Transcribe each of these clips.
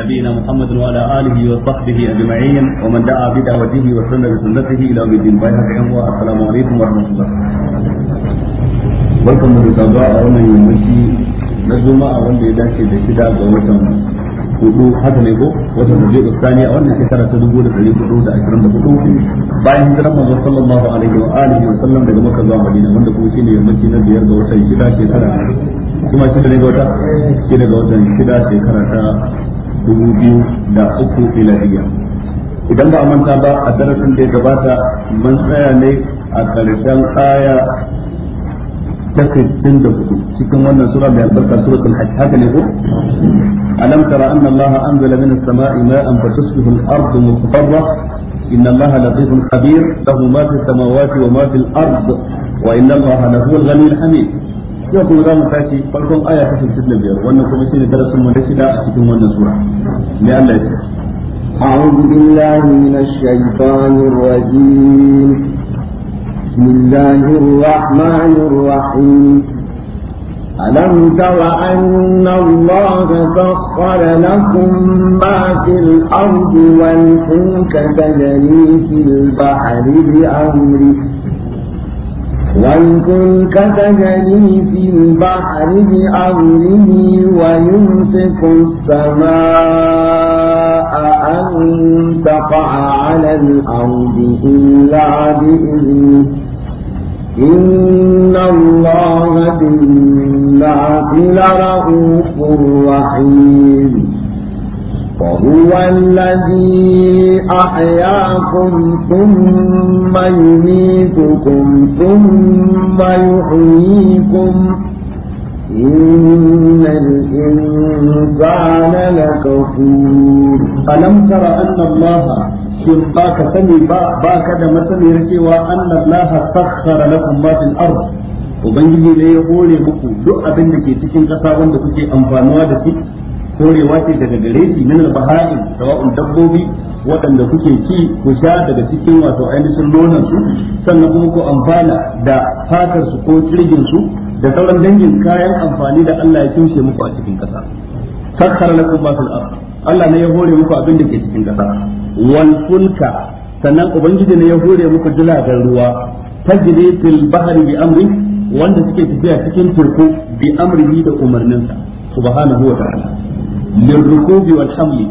نبينا محمد وعلى اله وصحبه اجمعين ومن دعا بدعوته وسن بسنته الى يوم الدين باي السلام عليكم ورحمه الله a wannan yammaci na juma'a wanda ya dace da shida ga watan hudu haka ne ko watan rabi'u tsani a wannan shekara ta dubu da ɗari hudu da ashirin da hudu bayan hijiran manzo sallallahu alaihi wa alihi wa sallam daga makka zuwa madina wanda kuma shine yammaci na biyar ga watan shida shekara kuma shida ne ga wata ga watan shida shekara ta dubu biyu da uku miladiya idan ba a manta ba a darasin da ya gabata mun tsaya ne a ƙarshen aya ta sittin da hudu cikin wannan sura mai albarka suratul hajj haka ne ko alam tara anna allaha anzala min as-sama'i ma'an fatusbihu al-ardu mutafarra إن الله لطيف خبير له ما في السماوات وما في الأرض وإن الله لهو الغني الحميد yau kuma za mu tashi farkon aya ta 65 wannan kuma shine darasin mu na shida a cikin wannan sura ne Allah ya ce أعوذ بالله من الشيطان الرجيم بسم الله الرحمن الرحيم ألم تر أن الله سخر لكم ما في الأرض والفلك تجري في البحر بأمره والفلك تجري في البحر بأمره ويمسك السماء أن تقع على الأرض إلا بإذنه إن الله بالناس لرؤوف رحيم وهو الذي أحياكم ثم يميتكم ثم يحييكم إن الإنسان لكفور ألم تر أن الله shin ba ka sani ba ba ka da masaniyar cewa annallaha sakhkhara lakum ma fil ard ubangiji ne ya hore muku duk abinda ke cikin ƙasa wanda kuke amfanuwa da shi korewa ce daga gare shi min al-bahaim sawa'un dabbobi waɗanda kuke ci ku sha daga cikin wato ainihin nonon su sannan kuma ku amfana da fatar su ko kirgin su da sauran dangin kayan amfani da Allah ya tushe muku a cikin ƙasa sakkar lakum ma fil ard Allah ne ya hore muku abin da ke cikin ƙasa wal fulka sannan ubangiji ne ya hore muku jiragen ruwa tajri fil bahri bi amri wanda suke tafiya cikin turku bi amrihi da umarninsa subhanahu wa ta'ala lirrukubi wal hamli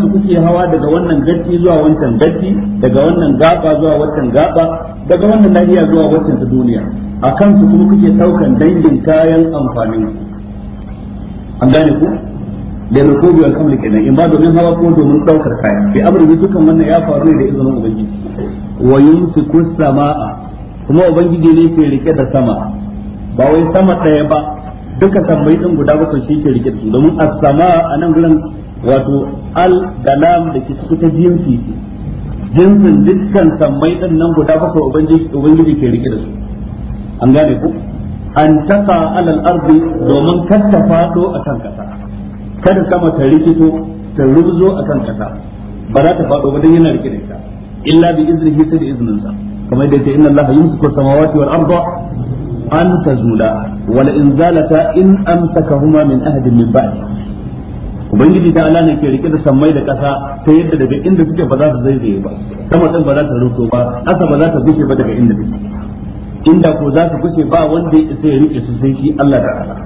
su kuke hawa daga wannan gaddi zuwa wancan gaddi daga wannan gaba zuwa wancan gaba daga wannan nahiya zuwa wancan ta duniya a su kuma kuke saukan dangin kayan amfanin ku an gane ku da rukubi wal hamli kenan in ba domin hawa ko domin daukar kaya bi amrin dukan wannan ya faru ne da izinin ubangiji wa yumsiku samaa kuma ubangiji ne ke rike da sama ba wai sama daya ba duka sammai din guda bakwai shi ke rike su domin asama sama a nan gurin wato al da lam da ke cikin jinsi jinsin dukkan sammai din nan guda bakwai ubangiji ubangiji ke rike da su an gane ku an taka alal ardi domin kasta fado a kan kasa kada sama ta rikito ta rubzo kan kasa ba za ta fado ba dan yana rike da ita illa bi iznihi sai da iznin sa kamar da yake inna allaha yumsiku samawati wal arda an tazula wala in zalata in amsakahuma min ahadin min ba'd ubangiji ta Allah ne ke rike da sammai da ƙasa ta yadda daga inda suke ba za su zaizaye ba sama din ba za ta ruto ba asa ba za ta gushe ba daga inda take inda ko za ta gushe ba wanda ya isa ya rike su sai shi Allah da Allah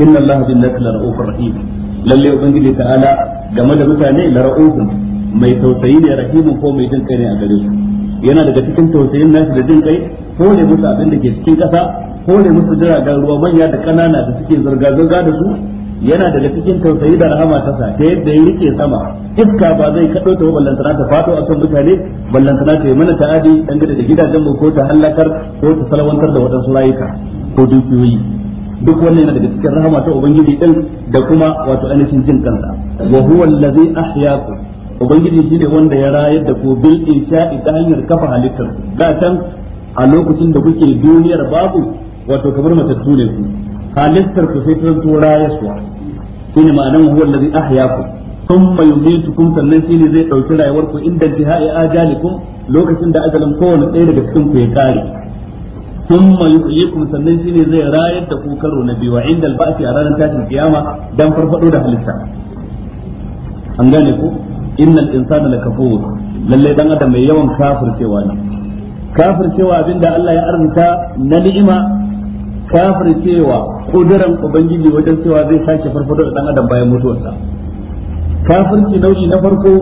inna Allah bin nasi la ra'ufur rahim lalle ubangiji ta'ala game da mutane la ra'ufun mai tausayi ne rahimun ko mai jin kai ne a gare su yana daga cikin tausayin nasu da jin kai hore musu abin da ke cikin kasa hore musu jiragen ruwa manya da kanana da suke zurga zurga da su yana daga cikin tausayi da rahama ta sa ta yadda ya rike sama iska ba zai kaɗo ta ballantana ta fato akan mutane ballantana ta yi mana ta'adi dangane da gidajen mu ko ta halakar ko ta salwantar da waɗansu rayuka ko dukiyoyi duk wannan yana daga cikin rahama ta ubangiji din da kuma wato ainihin jin kansa wa huwa allazi ahyaakum ubangiji shine wanda ya rayar da ku bil insha'i ta hanyar kafa halittar da can a lokacin da kuke duniyar babu wato kamar matattu ne ku halittar ku sai ta to rayaswa shine nan huwa allazi ahyaakum thumma yumitukum sannan shine zai dauki rayuwar ku inda jihai ajalikum lokacin da ajalin kowanne ɗaya daga cikin ku ya kare thumma yuhyikum sannan shine zai rayar da ku karo na biyu inda al-ba'thi a ranar tashin kiyama dan farfado da halitta an gane ku innal insana lakafur lalle dan adam mai yawan cewa ne cewa abinda Allah ya arzuta na ni'ima cewa kudiran ubangiji wajen cewa zai sake farfado da dan adam bayan mutuwarsa kafirci nau'i na farko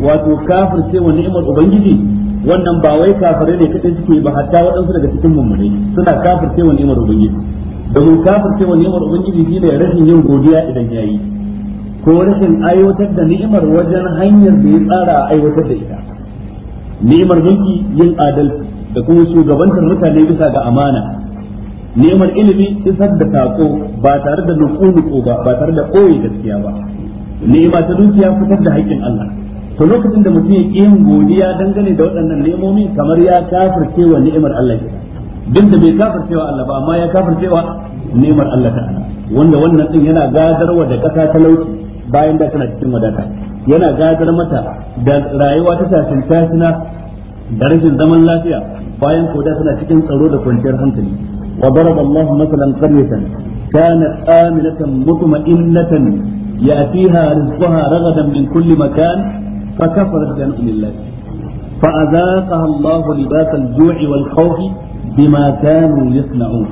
wato kafir cewa ni'imar ubangiji wannan ba wai kafirai ne kadai suke ba hatta waɗansu daga cikin mummunai suna kafir cewa ni'imar ubangiji domin kafir cewa ni'imar ubangiji shine rashin yin godiya idan yayi ko rashin aiwatar da ni'imar wajen hanyar da ya tsara a aiwatar da ita ni'imar mulki yin adalci da kuma shugabantar mutane bisa ga amana ni'imar ilimi isar da tako ba tare da nuku ba ba tare da koyi gaskiya ba ni'ima ta dukiya fitar da haƙƙin Allah to lokacin da mutum ya ƙi godiya dangane da waɗannan ne'imomi kamar ya kafirce wa ni'imar Allah ke duk da bai kafirce wa Allah ba amma ya kafirce wa ni'imar Allah ta'ala wanda wannan din yana gadarwa da ƙasa talauci bayan da tana cikin wadata yana gadar mata da rayuwa ta tashin tashina da rashin zaman lafiya bayan ko da tana cikin tsaro da kwanciyar hankali wa daraba Allah masalan qaryatan kanat aminatan mutma'innatan ya'tiha rizquha ragadan min kulli makan fa kafarat bi an'ami Allah fa azaqaha Allah libas al-ju'i wal khawf bima kanu yasna'un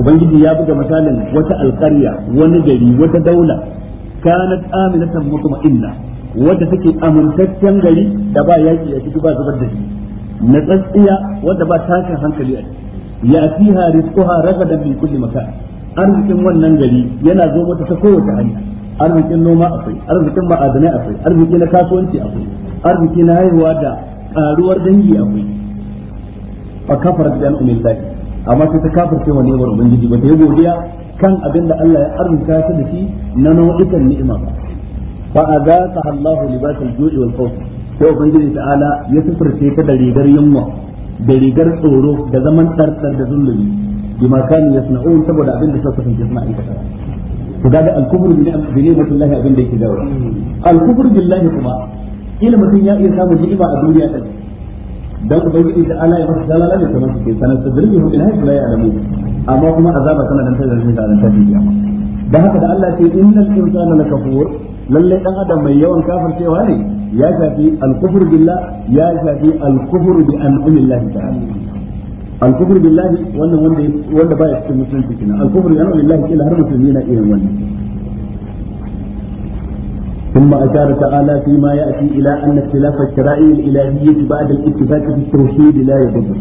ubangiji ya buga misalin wata alƙarya wani gari wata daula kanat aminatan mutma'inna wanda take amintaccen gari da ba yaki a ciki ba zubar da jini na tsatsiya wadda ba tashin hankali a ciki ya fiha rizquha ragadan min kulli makan arzikin wannan gari yana zo mata ta kowace hanya arzikin noma akwai arzikin ma'adanai akwai arziki kasuwanci akwai arziki na haihuwa da karuwar dangi akwai fa kafar bi amma ta kafirce wa ne ubangiji ba ta yi godiya kan abinda Allah ya arzuta ta da shi na nau'ikan ni'ima fa azaka Allahu libasal ju'i wal khawf sai ubangiji ta'ala ya yunwa da tsoro da zaman tsartsar da zulumi bima kanu yasna'un saboda abin da suka kasance suna aikata to al-kufru bi ni'matillahi da yake al kuma ya iya samun a duniya din dan ubangiji ta'ala ya masa dalala ne kamar su ke sanar da zulmi hu bilahi la alamu. amma kuma azaba tana dan tare da ranar tafi kiyama da haka da Allah ce innal insana lakafur lalle dan adam mai yawan kafircewa ne ya shafi al-kufr billah ya shafi al-kufr bi an'amillahi ta'ala al-kufr billahi wannan wanda wanda baya cikin musulunci kenan al-kufr bi an'amillahi kila har musulmi na iya wannan ثم أشار تعالى فيما يأتي إلى أن اختلاف الشرائع الإلهية بعد الاتفاق في التوحيد لا يضر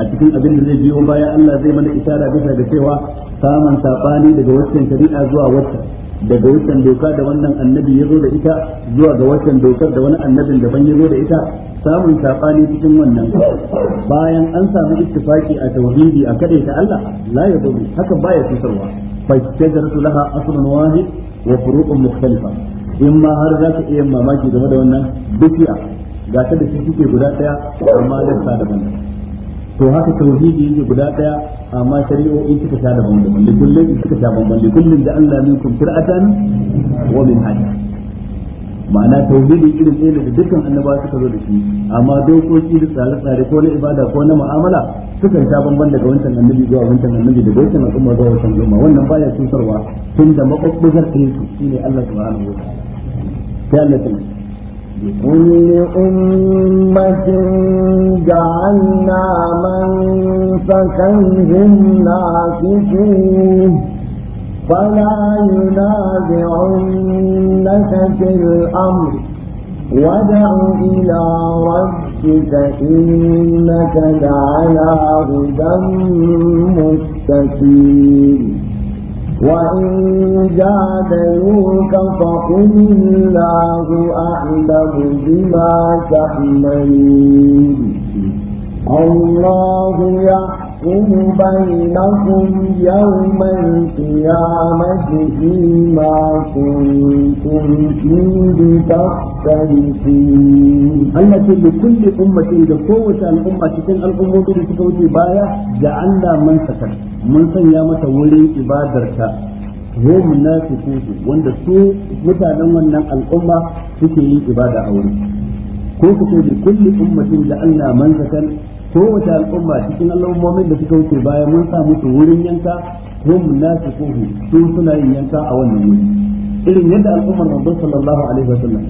a cikin abin da zai biyo baya Allah zai mana isara bisa da cewa samun sabani daga wancan shari'a zuwa waccan daga wancan doka da wannan annabi ya zo da ita zuwa ga wancan dokar da wani annabin daban ya zo da ita samun sabani cikin wannan bayan an samu ittifaki a tauhidi a kade ta Allah la ya zo haka baya cutarwa fa shajaratu laha aslun wahid wa furuqun mukhtalifa in ma har za ka iya mamaki game da wannan dukiya ga ta da shi suke guda daya amma da daban to haka tauhidi yake guda daya amma shari'o'i suka sha daban daban li kullin suka sha daban li kullin da Allah minkum fir'atan wa min hada ma'ana tauhidi irin ɗaya da dukkan annaba suka zo da shi amma dokoki da tsare-tsare ko na ibada ko na mu'amala sukan sha bamban daga wancan annabi zuwa wancan annabi daga wancan al'umma zuwa wancan al'umma wannan baya cutarwa tun da maɓaɓɓugar ɗaya su shine Allah subhanahu wa ta'ala sai Allah لكل أمة جعلنا من منسكيهم ناسكين فلا ينازعنك في الأمر وادع إلى ربك إنك لعلى هدى مستقيم وإن جادلوك فقل الله أعلم بما تحملون الله يحكم يحكم بينكم يوم القيامة فيما كنتم فيه تختلفون التي لكل أمة لقوة الأمة تكون الأمة لتكون باية جعلنا من سكن من سيامة ولي إبادرك hum munafiqun wanda su mutanen wannan al'umma suke yin ibada a wurin ko ku ce kulli kowace al'umma cikin al'ummomin da suka wuce baya mun sa musu wurin yanka hum nasikuhu su suna yin yanka a wannan wuri irin yadda al'ummar manzo sallallahu alaihi wasallam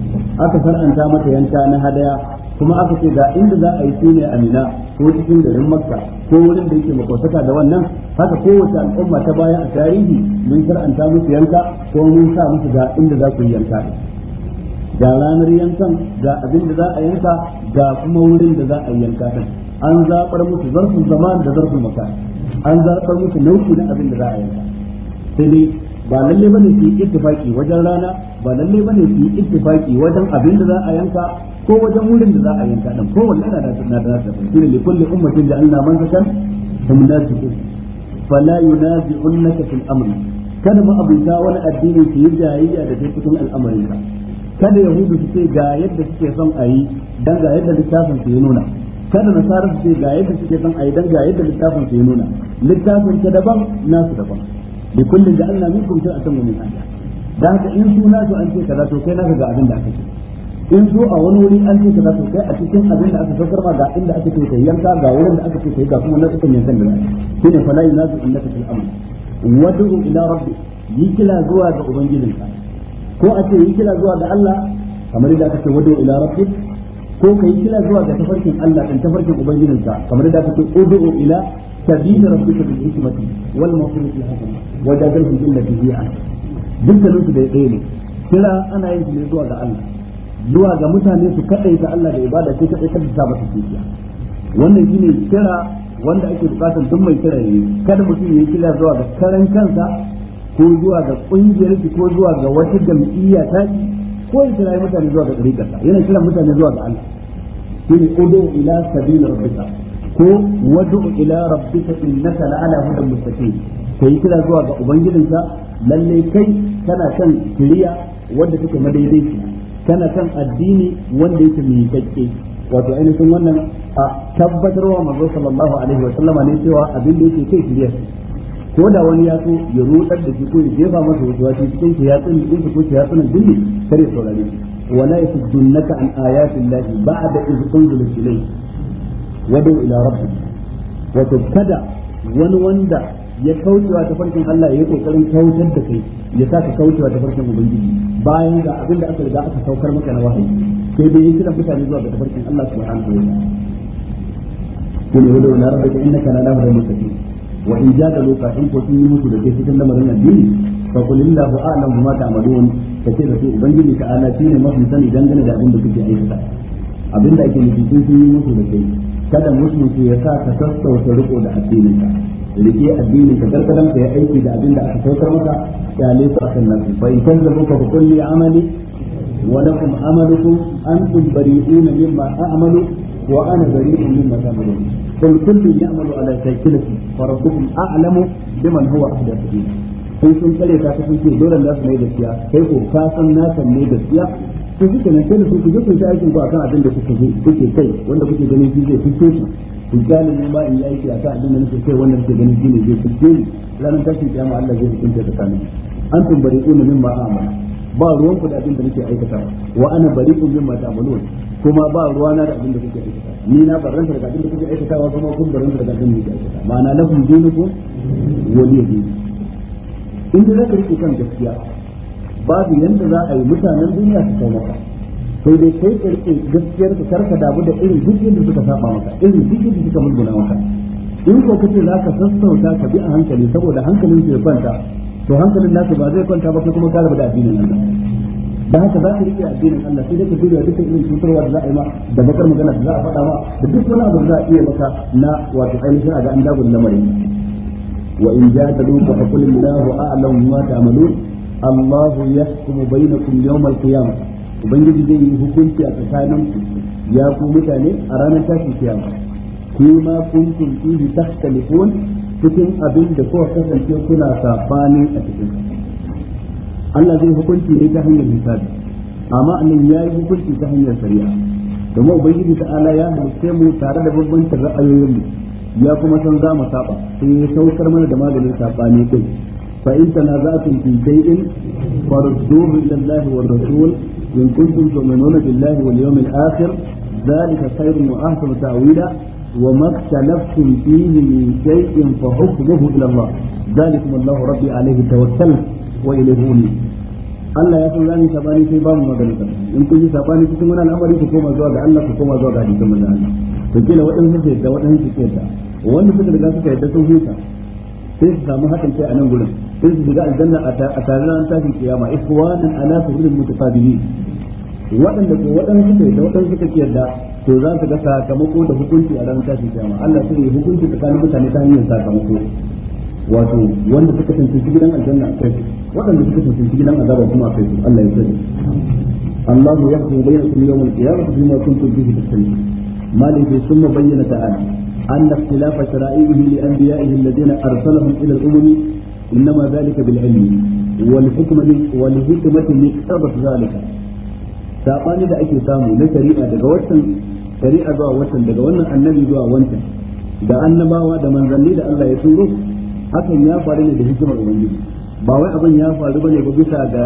aka faranta mata yanka na hadaya kuma aka ce ga inda za a yi shine amina ko cikin garin makka ko wurin da yake makwataka da wannan haka kowace al'umma ta baya a tarihi mun faranta musu yanka ko mun sa musu ga inda za ku yi yanka ga ranar yankan ga abin da za a yanka ga kuma wurin da za a yi yanka an zaɓar musu zarfin zaman da zarfin makan an zaɓar musu nau'i na abin da za a yanka sai dai ba lalle bane su yi ittifaki wajen rana ba lalle bane su yi ittifaki wajen abin da za a yanka ko wajen wurin da za a yanka dan ko wallahi na da na da da shi ne kulli ummatin da Allah man sakan hum nazifu fala yunazi'unka fil amr kada mu abuta wani addini su yi jayayya da dai cikin al'amarin ka kada yahudu su ce ga yadda suke son a yi dan ga yadda littafin su ya nuna kada na sarar su ga yadda suke son ayi dan ga yadda littafin su ya nuna littafin ta daban nasu daban bi kullin da Allah minkum shir'atan wa min hada dan haka in su na to an ce kaza to kai naka ga abin da aka ce in su a wani wuri an ce kaza to kai a cikin abin da aka saukar ma ga inda aka ce kai yanka ga wurin da aka ce kai ga kuma na cikin yankan da shine fala yunazu innaka fil amr wad'u ila rabbi yi kila zuwa ga ubangijinka ko a ce yi kila zuwa ga Allah kamar da aka ce wad'u ila rabbika ko kai kira zuwa ga tafarkin Allah dan tafarkin ubangijinka kamar da kake udu ila sabili rabbika bil hikmati wal mawqifil hasan wa jadalhum billati hiya dukkanin su da ɗaya ne kira ana yin ne zuwa ga Allah zuwa ga mutane su kadai kadaita Allah da ibada sai kadai kada ta masa dukiya wannan shine kira wanda ake bukatar duk mai kira ne kada mutum ya kira zuwa ga karan kansa ko zuwa ga kungiyar ko zuwa ga wata jam'iyya ta ko ya kira mutane zuwa ga tsarikarsa yana kira mutane zuwa ga Allah shine udu ila sabil rabbika ko wadu ila rabbika innaka la'ala hudan mustaqim kai kira zuwa ga ubangijinka lalle kai kana kan kiriya wanda take madaidaici kana kan addini wanda yake mai kakke wato ainihin wannan a tabbatarwa manzo sallallahu alaihi wa sallama ne cewa abin da yake kai kiriya ko da wani yatsu ya rudar da shi ko ya jefa masa wasu wasu cikin shi yatsun din ko shi yatsun din ne kar ya saurare shi wala yasuddunaka an ayati llahi ba'da iz unzilat ilayk wadu ila rabbik wato kada wani wanda ya kaucewa ta farkin Allah ya yi kokarin kautar da kai ya sa ka kaucewa ta farkin ubangiji bayan ga abin da aka riga aka saukar maka na wahayi sai dai kira mutane zuwa ga tafarkin Allah subhanahu wa ta'ala kullu wala rabbika innaka la lahu al-mustaqim wa in ja da loka ko sun yi mutu da ke cikin lamarin addini fa qul illahu a'lam bima ta'malun kace da su ubangiji ta ala shine mafi sani dangane da abin da kuke aikata abin da ake nufi sun yi mutu da kai kada musulunci ya sa ka sassauta riko da addininka rike addinin ka gargadan ka ya aiki da abinda aka saukar maka ya lesu akan nasu fa in kazzabu amali a'malu ana قل كل يعمل على شاكلته فربكم اعلم بمن هو اهدى سبيلا sai sun tsare ta sun ce dole na su ne gaskiya kai ko ka san na san ne gaskiya to kuke nan kai su kuje ku yi aikin ku akan abin da kuke kuke kai wanda kuke ganin shi zai fice su ku gane ne ma in yi aiki akan abin da nake kai wanda kuke ganin shi ne zai fice ni ranar tashin kiyama Allah zai hukunta tsakanin an tumbare ku min ma'amala ba ruwan ku da abin da nake aikata wa ana bari'un mimma ta'malun kuma ba ruwana da abin da kuke aikata ni na barranta da abin da kuke aikata wa kuma kun barranta da abin da kuke aikata ma'ana lahum dinukum waliy din in da zaka rike kan gaskiya babu yanda za a yi mutanen duniya su kai maka sai dai kai ka rike gaskiyar ka karka damu da irin duk da suka saba maka irin duk da suka mulguna maka in ko kace za ka sassauta ka bi a hankali saboda hankalin ke ya kwanta to hankalin nasu ba zai kwanta ba kai kuma ka rabu da addinin Allah da haka za ka rike addinin Allah sai dai ka jure duka irin cutarwa da za a yi ma da bakar magana da za a faɗa ma da duk wani abu da za a iya maka na wato ainihin a ga an dagun lamarin wa in ja ta duka hakul Allahu a'lamu ma ta'malun Allahu kun bainakum yawmal qiyamah ubangiji zai yi hukunci a tsakanin ya ku mutane a ranar tashin kiyama kuma kuntum fihi tahtalifun cikin abin da kowa kasance kuna sabani a cikin Allah zai hukunci ne ta hanyar hisabi amma annan ya yi hukunci ta hanyar shari'a domin ubangiji ta'ala ya halitta mu tare da bambancin ra'ayoyinmu ya kuma san za mu saba sai ya saukar mana da maganin sabani din fa in tanaza'tum fi shay'in farudduhu ila Allah wa rasul in kuntum tu'minuna billahi wal yawmil akhir ذلك خير وأحسن تأويلا وما اختلفتم فيه من شيء فحكمه الى الله ذلكم الله ربي عليه توكلت واليه انيب Allah ya san za mu sabani sai ba mu magana ta in kun yi sabani cikin wani al'amari koma zuwa ga Allah ku koma zuwa ga hadisin manzon Allah to kila waɗansu su yadda waɗansu su yadda wanda suka riga suka yadda sun huta sai su samu haɗin kai a nan gurin su shiga a tare ran tashin kiyama waɗanda ko waɗanda suka da waɗansu suka ki yarda to za su ga sakamako da hukunci a ranar tashin kiyama Allah sai ya hukunci tsakanin mutane ta hanyar sakamako wato wanda suka tantance gidan aljanna kai waɗanda suka tantance gidan azaba kuma akai Allah ya sani Allah ya su yi hukunta bainakum yawm al-qiyamah bima kuntum bihi tastajibun malik summa bayyana ta'ala أن اختلاف شرائعه لأنبيائه الذين أرسلهم إلى الأمم إنما ذلك بالعلم والحكمة والحكمة اقتضت ذلك sabani da ake samu na shari'a daga watan shari'a zuwa watan daga wannan annabi zuwa wancan da annabawa da manzanni da Allah ya turo hakan ya faru ne da hikimar ubangiji ba wai abin ya faru bane ba bisa ga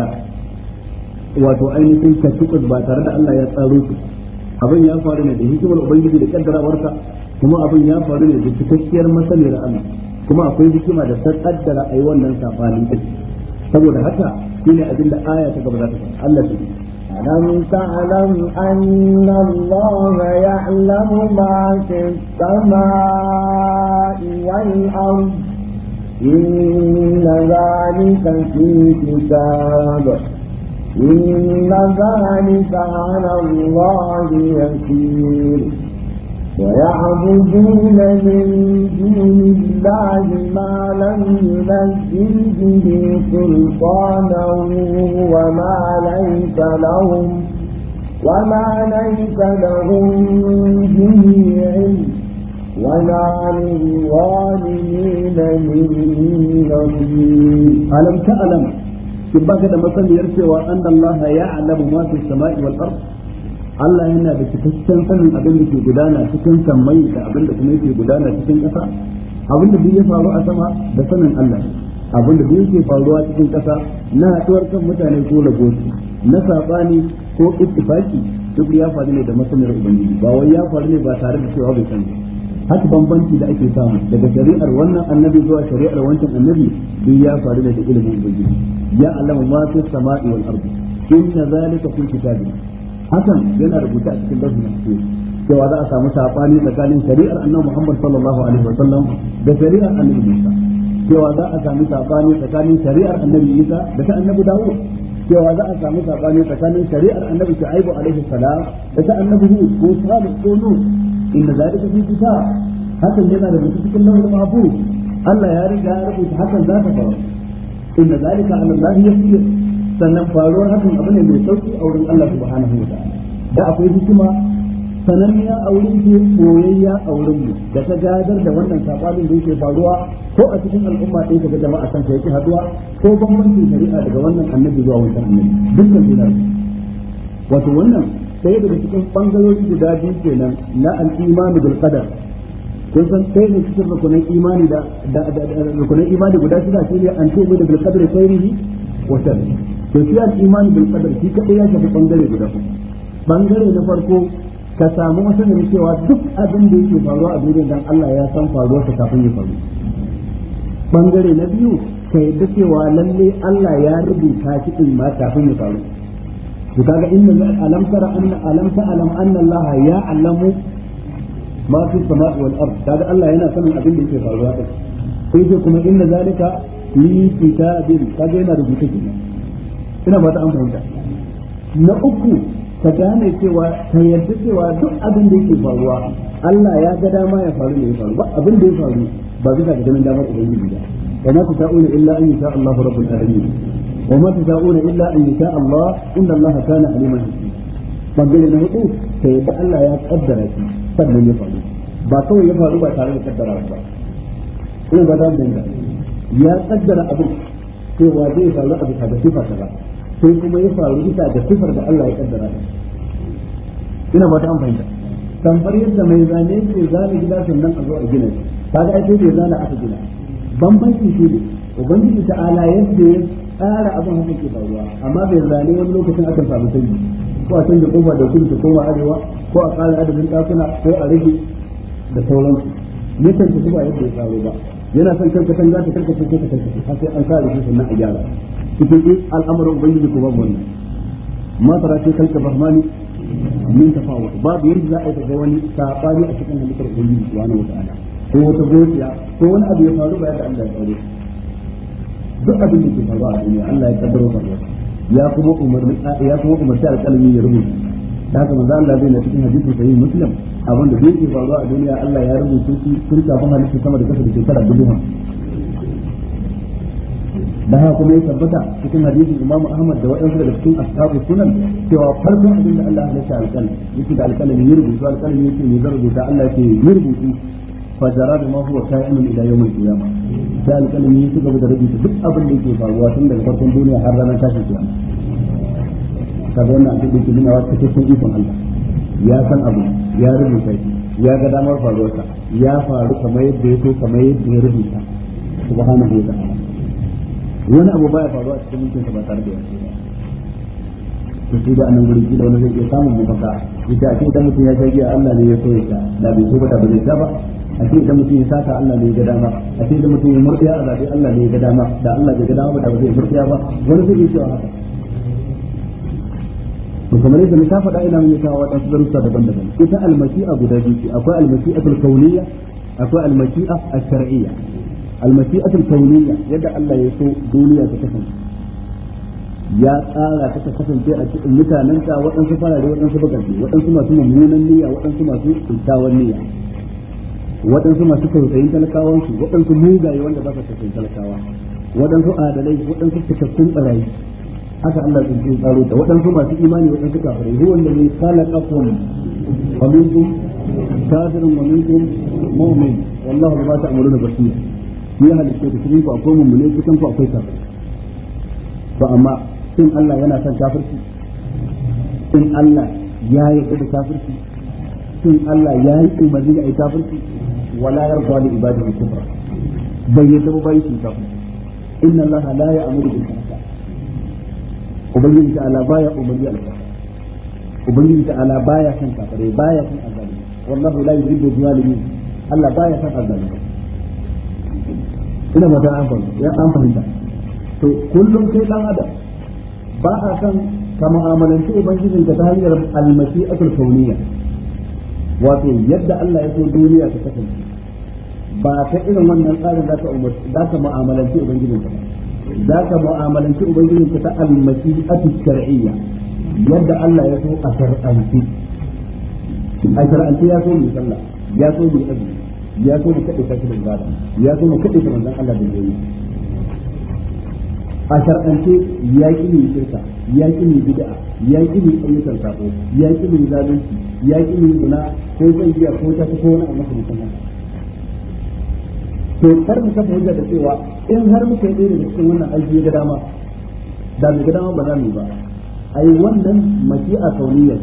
wato ainihin katukus ba tare da Allah ya tsaro su abin ya faru ne da hikimar ubangiji da kaddarawarsa kuma abin ya faru ne da cikakkiyar masaniyar Allah kuma akwai hikima da ta kaddara ai wannan safani saboda haka shine abin da aya ta gaba za ta Allah ta ألم تعلم أن الله يعلم ما في السماء والأرض إن ذلك في كتاب إن ذلك على الله يسير ويعبدون من دون لله ما لم ينزل به سلطانا وما ليس لهم وما ليس لهم به علم وما للظالمين من نصير ألم تعلم shin baka da masaniyar cewa annallaha ya'lamu ma fi samai wal Allah yana da cikakken sanin abin da ke gudana cikin sammai da abin da kuma yake gudana cikin ƙasa abinda duk ya faru a sama da sanin Allah abinda duk yake faruwa cikin kasa na haɗuwar kan mutane ko lagosu na sabani ko ittifaki duk ya faru ne da masanar ubangiji ba wai ya faru ne ba tare da cewa bai san haka bambanci da ake samu daga shari'ar wannan annabi zuwa shari'ar wancan annabi duk ya faru ne da ilimin ubangiji ya alama ma fi sama'i wal ardi inna zalika fi kitabin hakan yana rubuta a cikin lafzin cewa za a samu sabani tsakanin shari'ar annabi Muhammad sallallahu alaihi wa sallam da shari'ar annabi Isa cewa za a samu sabani tsakanin shari'ar annabi Isa da ta annabi Dawud cewa za a samu sabani tsakanin shari'ar annabi Shu'aibu alaihi salam da ta annabi Hud ko Salih ko Nuh inna zalika fi kitab hakan yana da cikin lawhul mahfuz Allah ya riga ya rubuta hakan za ta faru inna zalika ala Allah yasir sannan faruwar hakan abu ne mai sauki a wurin Allah subhanahu wa ta'ala da akwai hikima sananniya ya aure ke soyayya a wurin mu da ta gadar da wannan sabanin da yake faruwa ko a cikin al'umma ɗaya kaga jama'a kan ka yake haduwa ko bambancin shari'a daga wannan annabi zuwa wancan annabi dukkan su wato wannan sai daga cikin bangarori guda biyu kenan na al-imanu bil qadar kun san sai ne cikin rukunin imani da rukunin imani guda shida shi ne an ce da bil qadar khairihi wa sharrihi to shi al-imanu bil qadar shi kadai ya shafi bangare guda bangare na farko ka samu masanin cewa duk abin da yake faruwa a duniya dan Allah ya san faruwar ta kafin ya faru bangare na biyu ka yadda cewa lalle Allah ya rubuta shi din ma kafin ya faru to kaga inna alam tara anna alam ta alam anna Allah ya alamu ma fi sama'i wal ard kaga Allah yana sanin abin da yake faruwa din sai ce kuma inna zalika li kitabin kaga yana rubuta shi ina ba ta an fahimta na uku ka gane cewa ka yarda cewa duk abin da yake faruwa Allah ya ga dama ya faru ne ya faru ba abin da ya faru ba bisa ga ganin damar ubangiji ba wa ma tasa'una illa an yasha Allah rabbul alamin wa ma tasa'una illa an yasha Allah inna Allah kana aliman hakim bangare na hudu sai da Allah ya kaddara shi sannan ya faru ba kawai ya faru ba tare da kaddara ba ina ba da danga ya kaddara abin cewa zai faru a bisa ga sifa ba sai kuma ya faru ita da sifar da Allah ya kaddara ina ba ta an fahimta tambar yadda mai zane ke zane gida sannan a zo a gina shi ta ake sai bai zana aka gina bambanci shi ne ubangiji ala yadda ya tsara abin haka ke faruwa amma bai zane wani lokacin akan samu sanyi ko a canza kofa da kudu ta koma arewa ko a ƙara adadin ɗakuna ko a rage da sauransu yakan ci ba yadda ya faru ba yana son kanka san za kanka karkace kanka karkace kanka sai an sa da shi sannan a gyara cikin al'amuran ubangiji ko babu wannan ma tara ce kalka rahmani min tafawut babu yadda za a yi ga wani sabani a cikin halittar ubangiji subhanahu wa ta'ala ko wata gociya ko wani abu ya faru bayan da Allah ya faru duk abin da ke faruwa a duniya Allah ya kaddaro faruwa ya kuma umarni ya kuma umarci alƙalami ya rubuta da haka manzo Allah zai na cikin hadisin sahih muslim abin da zai ke faruwa a duniya Allah ya rubuta shi tun kafin halitta sama da kasa da shekara dubu da haka kuma ya tabbata cikin hadisin Imam Ahmad da waɗansu daga cikin ashabu sunan cewa farkon abin da Allah halitta alƙalami yake da alƙalami ya rubuta alƙalami yake ne zan rubuta Allah yake ya rubutu fajara da mahu wa ka'imin ila yawmin qiyama sai alƙalami ya ci gaba da rubuta duk abin da yake faruwa tun daga farkon duniya har ranar tashin kiyama kaga wannan abin da nuna wa cikakken ikon Allah ya san abu ya rubuta shi ya ga damar faruwarsa ya faru kamar yadda ya so kamar yadda ya rubuta subhanahu wa ta'ala wani abu baya faruwa a cikin mutum ba tare da yanzu ba to da annabi gurin da wannan zai samun mafaka ita a cikin mutum ya shaji Allah ne ya so ya da bai so ba da ba ba a cikin da mutum ya saka Allah ne ya ga dama a cikin da mutum ya murɗiya a zaɓi Allah ne ya ga dama da Allah ya ga dama ba da ba zai murɗiya ba wani zai iya cewa haka to kamar yadda na faɗa ina mun yi kawo wadansu darussa daban-daban ita almasi'a guda biyu akwai almasi'atul kauniyya akwai almasi'a ash-shar'iyya almasi'atul kauniyya yadda Allah ya so duniya ta kasance ya tsara ta ta kasance a cikin mutanen ta waɗansu farare waɗansu bakafi waɗansu masu mummunan niyya waɗansu masu kyakkyawan niyya waɗansu masu tausayin talakawansu waɗansu mugaye wanda ba su tausayin talakawa waɗansu adalai waɗansu cikakkun ɓarayi haka Allah ke cikin tsaro ta, waɗansu masu imani waɗansu kafirai huwa allazi khalaqakum fa minkum kafirun wa minkum mu'min wallahu da ta'maluna ne. ya halitta ku cikin ku akwai mummune cikin ku akwai kafirai Ba amma sun Allah yana son kafirci in Allah ya yi da kafirci in Allah ya yi umarni da kafirci wala yarda li ibadihi kufra Bayyana yadda ba yi kafirci inna Allah la ya'muru bil kufr ubangiji ta ala baya umarni alfa ubangiji ta ala baya san kafare baya san azali wallahu la yuridu zalimin Allah baya san azali ina ma ta amfani ya amfani ta to kullum sai dan adam ba a san ka mu'amalanci ubangijin ka ta hanyar almasi'atul kauniyya wato yadda Allah ya so duniya ta kasance ba ta irin wannan tsarin da ka mu'amalanci ubangijin ka ba za ka mu'amalanci ubangijin ka ta a shar'iyya yadda Allah ya so a shar'anci a shar'anci ya so mu sallah ya so mu azumi ya so mu kaɗe kashi da ibada ya so mu kaɗe ta manzon Allah da yayi a shar'ance ya ƙi ni shirka ya ƙi ni bid'a ya ƙi ni ayyukan sako ya ƙi ni zalunci ya ƙi ni guna ko zai iya ko ta ko wani abu makamancin to kar mu kafa hujja da cewa in har muka yi ɗaya cikin wannan aiki ga dama da mu ga dama ba za mu yi ba ai wannan a kauniyya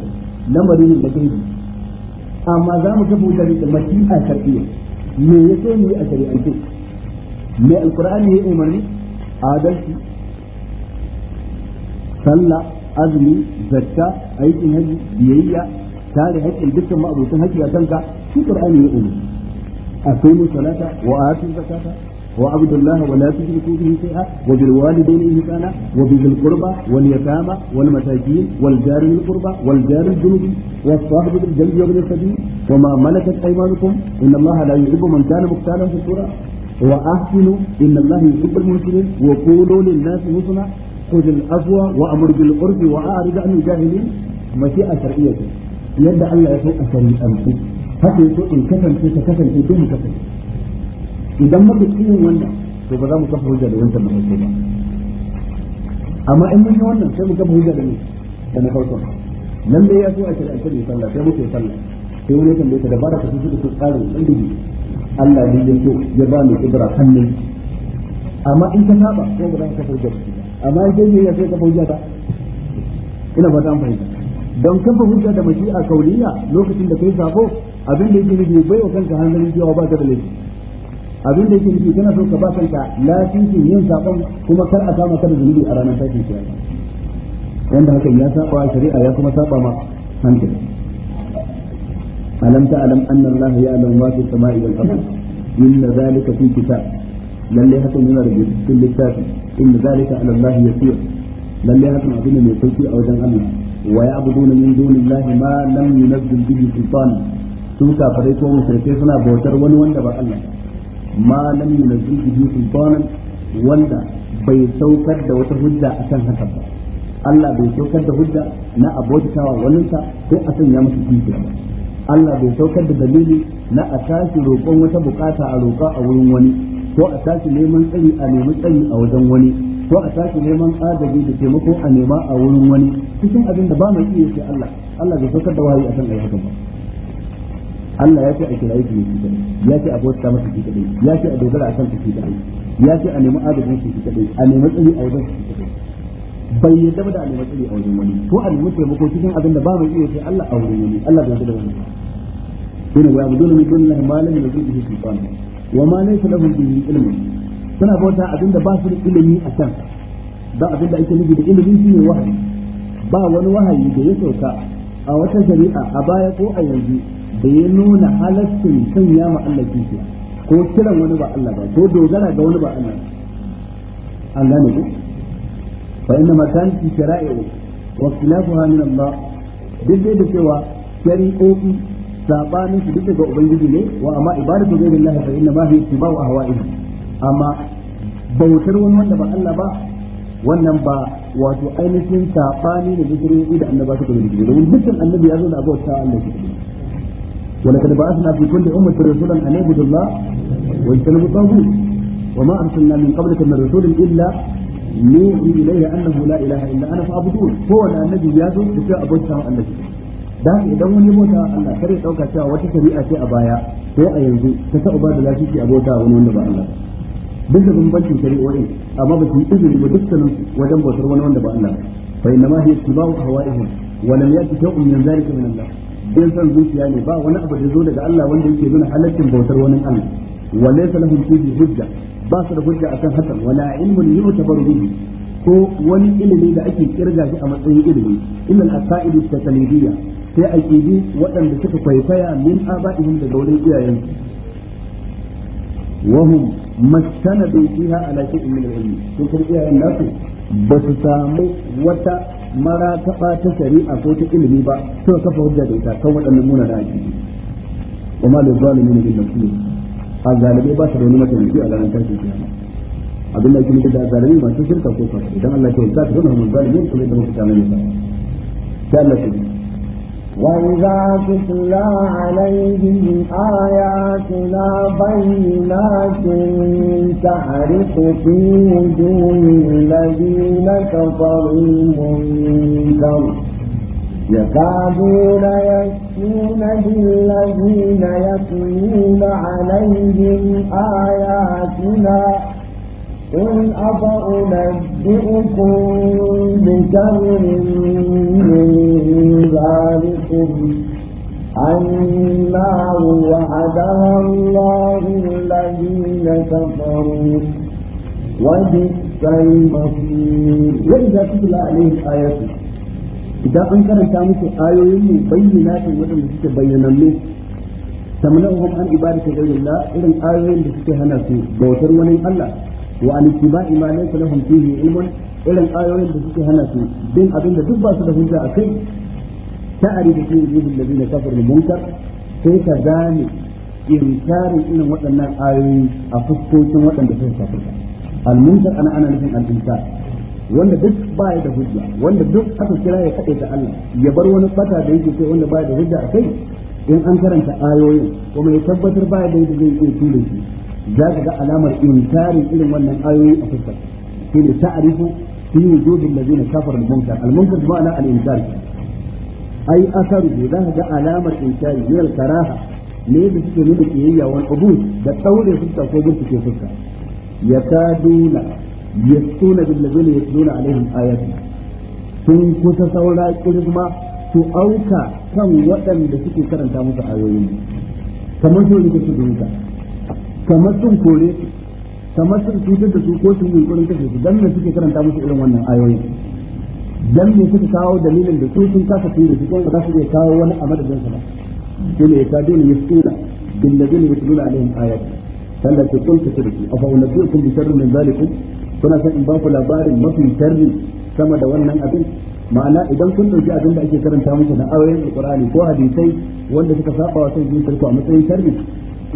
na ne da gaibi amma za mu kafa hujja da a shar'iyya me sai mu yi a shari'ance me alqur'ani ya umarni adalci sallah azumi zakka aikin haji biyayya tare haƙƙin dukkan ma'abutan haƙƙi a kanka shi qur'ani ya umarni أقيموا الصلاة وآتوا الزكاة وعبدوا الله ولا تشركوا به شيئا وبالوالدين إحسانا وبذي القربى واليتامى والمساكين والجار ذي القربى والجار الجنوب والصاحب بالجنب وابن السبيل وما ملكت أيمانكم إن الله لا يحب من كان مختالا شكورا وأحسنوا إن الله يحب المحسنين وقولوا للناس حسنا خذ الأفوى وأمر بالقرب وأعرض عن الجاهلين مشيئة شرعية يد الله يسوء شريئا فيه haka yaso in kasance ta kasance duhu mu kasance idan muka yin wannan to ba za mu kafa hujja da wancan mafarki ba amma in mun yi wannan sai mu kafa hujja da ni da na farko nan dai ya so a shirya ne sallah sai muke sallah sai wani tambaye ta da ka su da tsarin ubangiji Allah ne ya so ya ba mu ibra hannun amma in ka saba ko ba za ka kafa hujja ba amma in dai ya so ka kafa hujja ba ina fata an fahimta don kafa hujja da mashi'a kauliya lokacin da kai sabo abin da yake nufi bai wa kanka hanzarin cewa ba ta da laifi abin da yake nufi kana so ka ba kanka lafiyar yin sakon kuma kar a samu kada zunubi a ranar tashin kiyama wanda hakan ya saba shari'a ya kuma saba ma hankali alam ta'lam anna Allah ya'lamu ma fi samai wal ardh inna zalika fi kitab lalle hakan yana da cikin littafi inna zalika ala Allah yasir lalle hakan abin ne mai sauki a wajen Allah wa ya'buduna min dunillahi ma lam yunzil bihi sultana su kafirai ko mushrikai suna bautar wani wanda ba Allah ma lam yunzil bihi sultanan wanda bai saukar da wata hujja akan haka ba Allah bai saukar da hujja na abotawa waninsa ko a sanya masa kishiya ba Allah bai saukar da dalili na a tashi roƙon wata bukata a roƙa a wurin wani ko a tashi neman tsayi a nemi tsayi a wajen wani ko a tashi neman agaji da taimako a nema a wurin wani cikin abin da ba mai iya ce Allah Allah bai saukar da wahayi akan ayyukan ba Allah ya ce a kirayi ki shi kadai ya ce a bauta masa shi kadai ya ce a dogara a kan shi kadai ya ce a nemi agajin shi kadai a nemi tsari a wajen shi kadai bai yadda ba da a nemi tsari a wajen wani ko a nemi taimako cikin abin da ba mai iya sai Allah a wurin wani Allah bai yadda da wani shine wa yabuduna min dunillahi ma lam yuzid bihi sultan wa ma laysa lahum bihi ilmun suna bauta abin da ba su da ilimi a can da abin da ake nufi da ilimi shine wahayi ba wani wahayi da ya sauka a wata shari'a a baya ko a yanzu da ya nuna halaccin sanya ma Allah kishiya ko kiran wani ba Allah ba ko dogara ga wani ba Allah an gane ku fa inna ma kan fi shara'i wa khilafuha min Allah duk da cewa shari'o'i sabanin su duka ga ubangiji ne wa amma ibadatu ghayrillahi fa inna ma hi ittiba'u ahwa'ihi amma bautar wani wanda ba Allah ba wannan ba wato ainihin sabani da zikirin da annaba suka yi da dukkan annabi ya zo da abuwa ta Allah shi ولقد بعثنا في كل أمة رسولا أن اعبدوا الله واجتنبوا الطاغوت وما أرسلنا من قبلك من رسول إلا نوحي إليه أنه لا إله إلا أنا فاعبدون هو النبي يادو بشاء بوتا النبي da idan wani bauta Allah kare dauka cewa wata shari'a ce a baya ko a yanzu ta ta uba lafiya a wani wanda ba Allah duk da bambancin shari'o'i amma ba su izini ba dukkanin wajen bautar wani wanda ba Allah fa inna ma hiya tibau hawaihim wa lam yati shay'un min zalika min Allah bin san zuciya ne ba wani abu da zo daga Allah wanda yake nuna halaccin bautar wani Allah wa laysa lahum fihi hujja ba su da hujja akan hakan wala ilmun yutabaru bihi ko wani ilimi da ake kirga shi a matsayin ilimi illa al-aqaid at-taqlidiyya sai aqidi waɗanda suka kwaikwaya min aba'ihim daga wurin iyayensu وهم ما استندوا فيها على شيء من العلم تلك الآية ba su samu wata. marataɓa ta shari'a ko ta ilimi ba suka kafa hujja da ita kan waɗannan muna da aiki wa ma da zalimin bin nasir a zalibai ba su da wani mataimaki a ranar tashin kiyama abin da yake da zalimi masu shirka ko kafa idan Allah ya yi za ta zama mun zalimin kuma da mutum ta nan ne ba sai Allah ya وإذا تتلى عليهم آياتنا بينات تعرف في وجوه الذين كفروا المنكر يكادون يكفون بالذين يتلون عليهم آياتنا قل أفأنبئكم بشر من ذلكم النار وعدها الله الذين كفروا وبئس المصير وإذا تتلى عليه الآيات idan an karanta musu ayoyin mu bayyana ta wadanda suke bayyanannu tamna'uhum an ibadati ghayrillah irin ayoyin da suke hana su bautar wani Allah wa an ittiba'i ma laysa lahum ilmun irin ayoyin da suke hana su bin abin da duk ba su da hujja akai ta'rifu fi wujuhil ladina kafaru munkar sai ka gane inkarin irin waɗannan ayoyi a fuskokin waɗanda suka kafirta al-munkar ana ana nufin al-inkar wanda duk baya da hujja wanda duk aka kira ya kaɗe ta Allah ya bar wani fata da yake kai wanda baya da hujja a kai in an karanta ayoyin kuma ya tabbatar baya da yadda zai iya tura shi za ka ga alamar inkarin irin wannan ayoyi a fuskar shi ne ta'arifu fi wujuhil ladina kafaru al-munkar al-munkar ma'ana al-inkar ai asaru za ka ga alamar inkari ne al-karaha ne da suke nuna kiyayya wa abu da taure fuska ko burtuke fuska yakaduna yastuna bil ladina yatluna alaihim ayati sun kusa saura kirma su auka kan waɗanda suke karanta musu ayoyin kamar su ne suke dunka kamar sun kore su kamar sun cutar da su ko sun yi kurin kashe su dan suke karanta musu irin wannan ayoyin dan ne suka kawo dalilin da su sun kasa su da su kuma za su iya kawo wani a madadin sa ba dole ya ta dole yasuna bil ladina yatluna alaihim ayat kun ta kunta shirki afa unabiyukum bi sharrin min zalikum kuna san in ba ku labarin mafi sharri sama da wannan abin ma'ana idan kun dauki abin da ake karanta muku na ayoyin alqur'ani ko hadisai wanda suka saba wa san zuciyar ku a matsayin sharri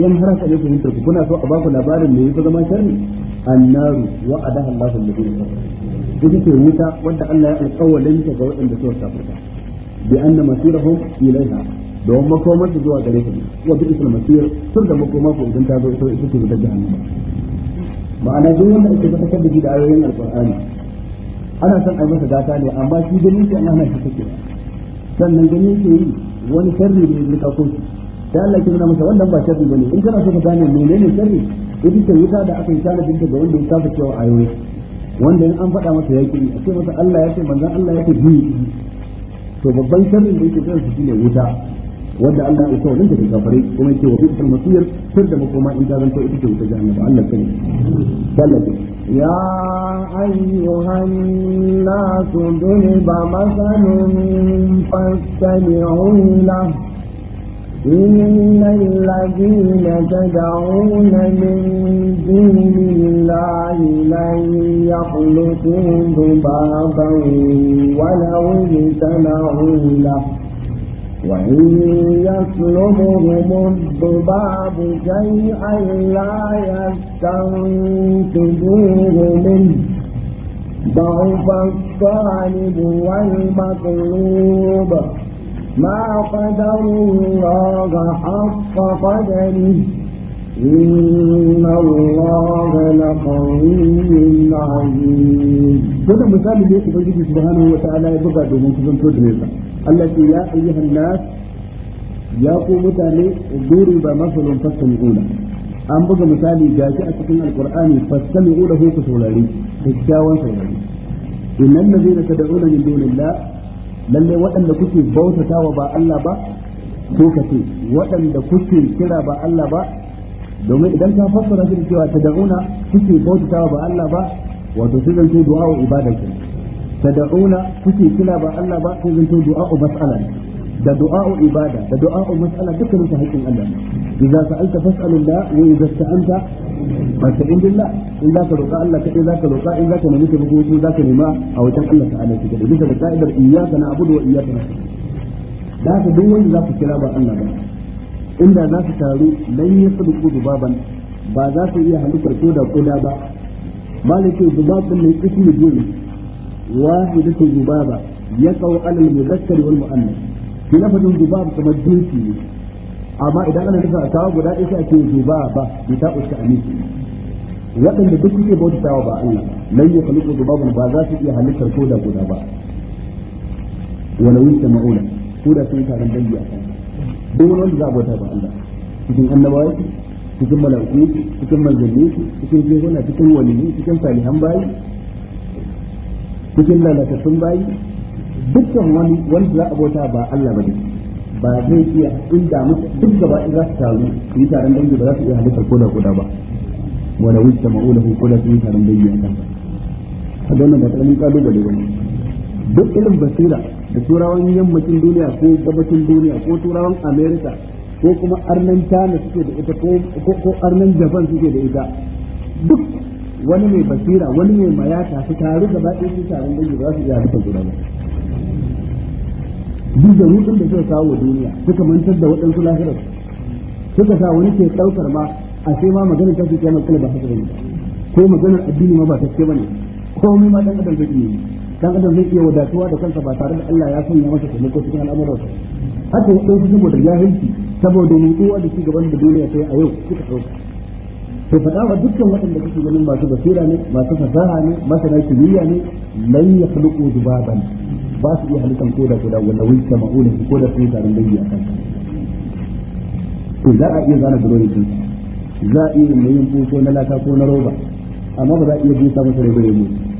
in har ka nufi hintar ku kuna so a baku labarin me yake zama sharri annaru wa adaha Allahu alladhi kafaru ita ce wuta wanda Allah ya alƙawalin ta ga waɗanda suka kafirta bi anna masirahum ilaiha don makomar su zuwa gare ta wa bi islam masir tun da makoma ko idan ta zo ita ce wutar jahannama ma'ana duk wanda ake fatakar da shi da ayoyin alqur'ani ana son a masa gata ne amma shi ganin shi Allah na shi take sannan ganin shi yi wani sharri ne da kako shi da Allah ke nuna masa wannan ba sharri bane in kana so ka gane menene sharri ita ce wuta da aka yi tanadin binta ga wanda ya kafa cewa ayoyi wanda in an faɗa masa yaki a ce masa Allah ya ce manzon Allah ya ce bi to babban sharrin da yake kansa shine wuta wanda Allah ya kawo da kafare kuma yake wa bisul masir sir da makoma in ta zanto ita ce wuta jahannama Allah sani sallatu ya ayyuhan nas duniba masalun fastami'u lahu إن الذين تدعون من دون الله لن يخلقوا ذبابا ولو اجتمعوا له وإن يسلبهم الذباب شيئا لا يستنقذوه منه ضعف الطالب والمطلوب ما قدر الله حق قدره إن الله لقوي عزيز هذا مثال ليس بجد سبحانه وتعالى يبقى دومون كذن تدريبا التي يا أيها الناس يا قوم تالي ضرب مثل فاستمعوا له an buga misali ga shi a cikin alkur'ani fastami ula hu ku saurari kyakkyawan saurari innan nazira lalle waɗanda kuke bautatawa ba Allah ba ko kace waɗanda kuke kira ba Allah ba domin idan ka fassara shi cewa ta da'una kuke bautawa ba Allah ba wato sai zan zanto du'a ibada ke da'una kuke kila ba Allah ba sai zanto du'a mas'ala da du'a ibada da du'a mas'ala dukkan su haƙin Allah idza sa'alta fas'alillah wa idza sta'anta fasta'in billah in ka roƙa Allah za ka roƙa in za zaka nemi taimako ko ka nema a wajen Allah ta'ala kike da bisa da ka'idar iyyaka na'budu wa iyyaka nasta'in da ka duk wanda zaka kira ba Allah ba inda za su taru lan yasbiqu dubaban ba za su iya halittar da koda ba malike dubab din ne ismi din wahidatu dubaba kawo alal muzakkar wal muannas shi lafazin dubab kamar jinsi ne amma idan ana a tawa guda ɗaya sai ake dubaba bi ta usta amisi waɗanda duk suke bauta tawa ba Allah lan yasbiqu dubaban ba za su iya halittar da koda ba walau ko da sun taron dangi a duk wani wanda za a bauta ba Allah cikin annabawa yake cikin mala'iku yake cikin manzanni yake cikin jehuna cikin waliyi cikin salihan bayi cikin lalatattun bayi dukkan wani wanda za a bauta ba Allah ba ne ba zai iya inda musu duk gaba in za su taru su yi taron dangi ba za su iya halittar koda koda ba wala wuce ma'ulahu koda su yi taron dangi a kan ba a ga wannan ba karamin kalubale ba duk irin basira da turawan yammacin duniya ko gabacin duniya ko turawan america ko kuma arnan china suke da ita ko arnan japan suke da ita duk wani mai basira wani mai mayaka su taru da baɗi su taron da ba za su iya harkar guda ba duk da rudin da suka kawo duniya suka mantar da waɗansu lahirar suka sa wani ke ɗaukar ma a sai ma maganar ta fi kyamar kala ba haka ko maganar addini ma ba ta ce ba ne komai ma ɗan adam zai ne dan adam zai iya wadatuwa da kansa ba tare da Allah ya sanya masa taimako cikin sa haka ya ɗauki saboda jahilci saboda da shi gaban da duniya sai a yau suka ɗauka to fada wa dukkan waɗanda kake ganin masu basira ne masu fasaha ne masana kimiyya ne lan yakhluqu dubaban ba su iya halittar ko da guda wala wista ma'ulin ko da sun garin dangi a kansa to za a iya zana gurori din za a iya yin na lata ko na roba amma ba za a iya busa masa rai mu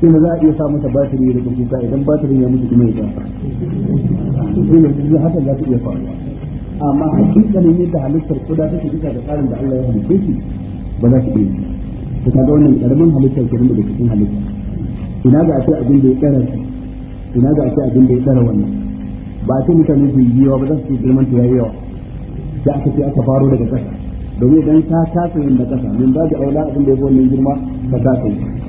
shi ne za a iya sa masa batiri da kuka idan batirin ya mutu kuma ya shi ne shi haka za ta iya faruwa amma hakikanin yadda halittar kuda take duka da tsarin da Allah ya halitta shi ba za ta iya ta kaga wannan karamin halittar kenan daga cikin halitta ina ga ake abin da ya tsara shi ina ga akwai abin da ya tsara wannan ba ta mutane su yi yawa ba za su ce girman ta yayi yawa da aka ce aka faro daga ƙasa domin idan ta kasa yin da ƙasa min ba da aula abin da ya wannan girma ba za ta yi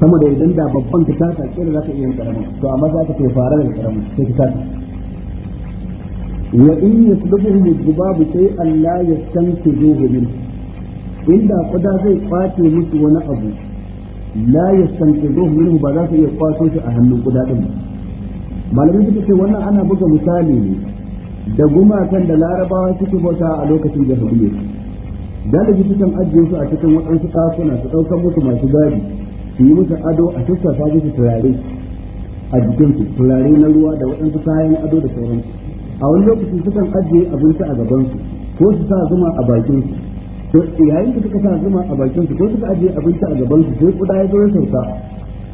sama da idan da babban ka kasa kira za ka iya karamin to amma za ka ce fara da karamin sai ka kasa wa in yaslubuhum al Allah ya la dogo min inda kuda zai kwace musu wani abu la dogo minhu ba za su iya kwace shi a hannun kuda din malamin suka ce wannan ana buga misali ne da gumakan da larabawa suke bauta a lokacin da galibi sukan ajiye su a cikin waɗansu kasuna su ɗaukar musu masu gadi su yi musu ado a tattafa musu turare a jikinsu turare na ruwa da waɗansu kayan ado da sauransu a wani lokaci sukan ajiye abinci a gabansu ko su sa zuma a bakinsu to yayin da suka sa zuma a bakinsu ko suka ajiye abinci a gabansu sai kuɗa ya zo ya sauka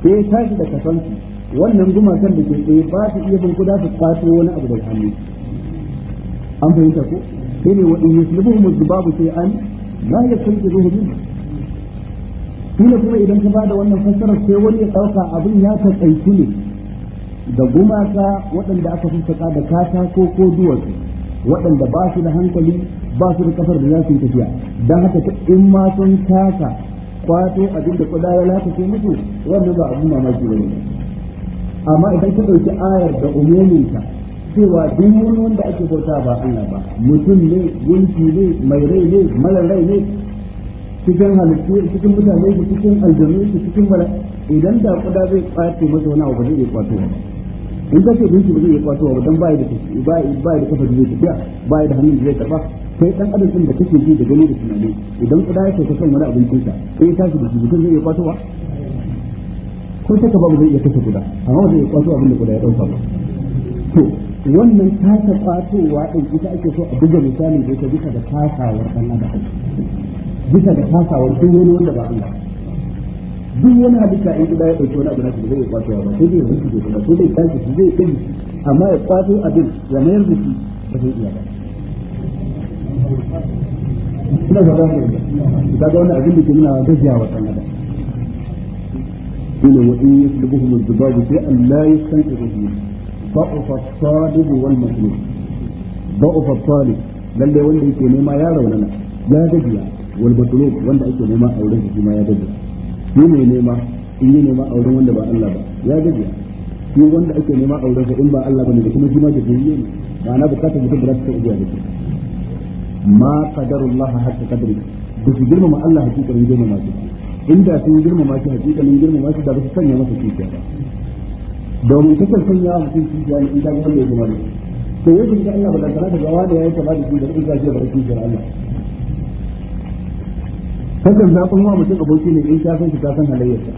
sai ya tashi da kasansu wannan gumakan da ke tsaye ba su iya bin kuɗa su kwato wani abu da hannu an fahimta ko sai ne wa sai an dhubabu shay'an la yakuntu zuhurun kila kuma idan ka bada wannan fassarar sai wani ya dauka abin ya takaitu ne da gumaka waɗanda aka sassaka da katako ko duwatsu waɗanda ba su da hankali ba su da kafar da za su tafiya don haka in ma sun kasa kwato abin da kuda ya lakace musu wannan ba abin mamaki ba amma idan ka ɗauki ayar da umuminta cewa duk wani wanda ake bauta ba Allah ba mutum ne gunki ne mai rai ne mara rai ne cikin halittu cikin mutane da cikin aljanu da cikin mala idan da kuda zai kwace masa wani abu ba zai iya kwato ba in ka ce dinki ba zai iya kwato ba dan bai da bai bai da kafa zai tafiya bai da hannun zai taba sai dan adam din da kake ji da gani da tunani idan kuda yake sauka kan wani abincin sa sai ya tashi da shi zai iya kwato ba ko saka babu zai iya kashe kuda amma ba zai iya kwato abin da kuda ya dauka ba to wannan kasa kwatowa din ita ake so a buga misalin da yake bisa da kasawar dan adam bisa ga kasawar duk wani wanda ba Allah duk wani hadisa in kuma ya dauki wani abu na shi zai kwato ba sai dai rubuce shi sai dai tashi shi zai kai amma ya kwato abin ya mayar da shi ba zai iya ba ina ga ba ga abin da ke nuna gajiya wa kan adam إن وإن يسلبهم الذباب شيئا لا يستنقذ به ضعف الطالب والمسلوب ضعف الطالب لن يولي wal matlub wanda ake nema a wurin shi ma ya dade ni mai nema in yi nema a wurin wanda ba Allah ba ya dade ni wanda ake nema a wurin sa in ba Allah ba ne kuma shi ma da duniya ne ba na bukata mutum da zai iya da ma qadarullah hatta qadri da su girmama Allah hakika hakikanin girmama shi inda sun girmama shi hakika hakikanin girmama shi da ba su sanya masa kishiya ba domin kasan sanya masa kishiya ne in ta ga wanda ya zama da to yau da Allah ba da kana da gawa da yayi kama da shi da in ka ce ba da Allah sakan zaɓin ma mutum aboki ne in ka san shi ka san halayyarsa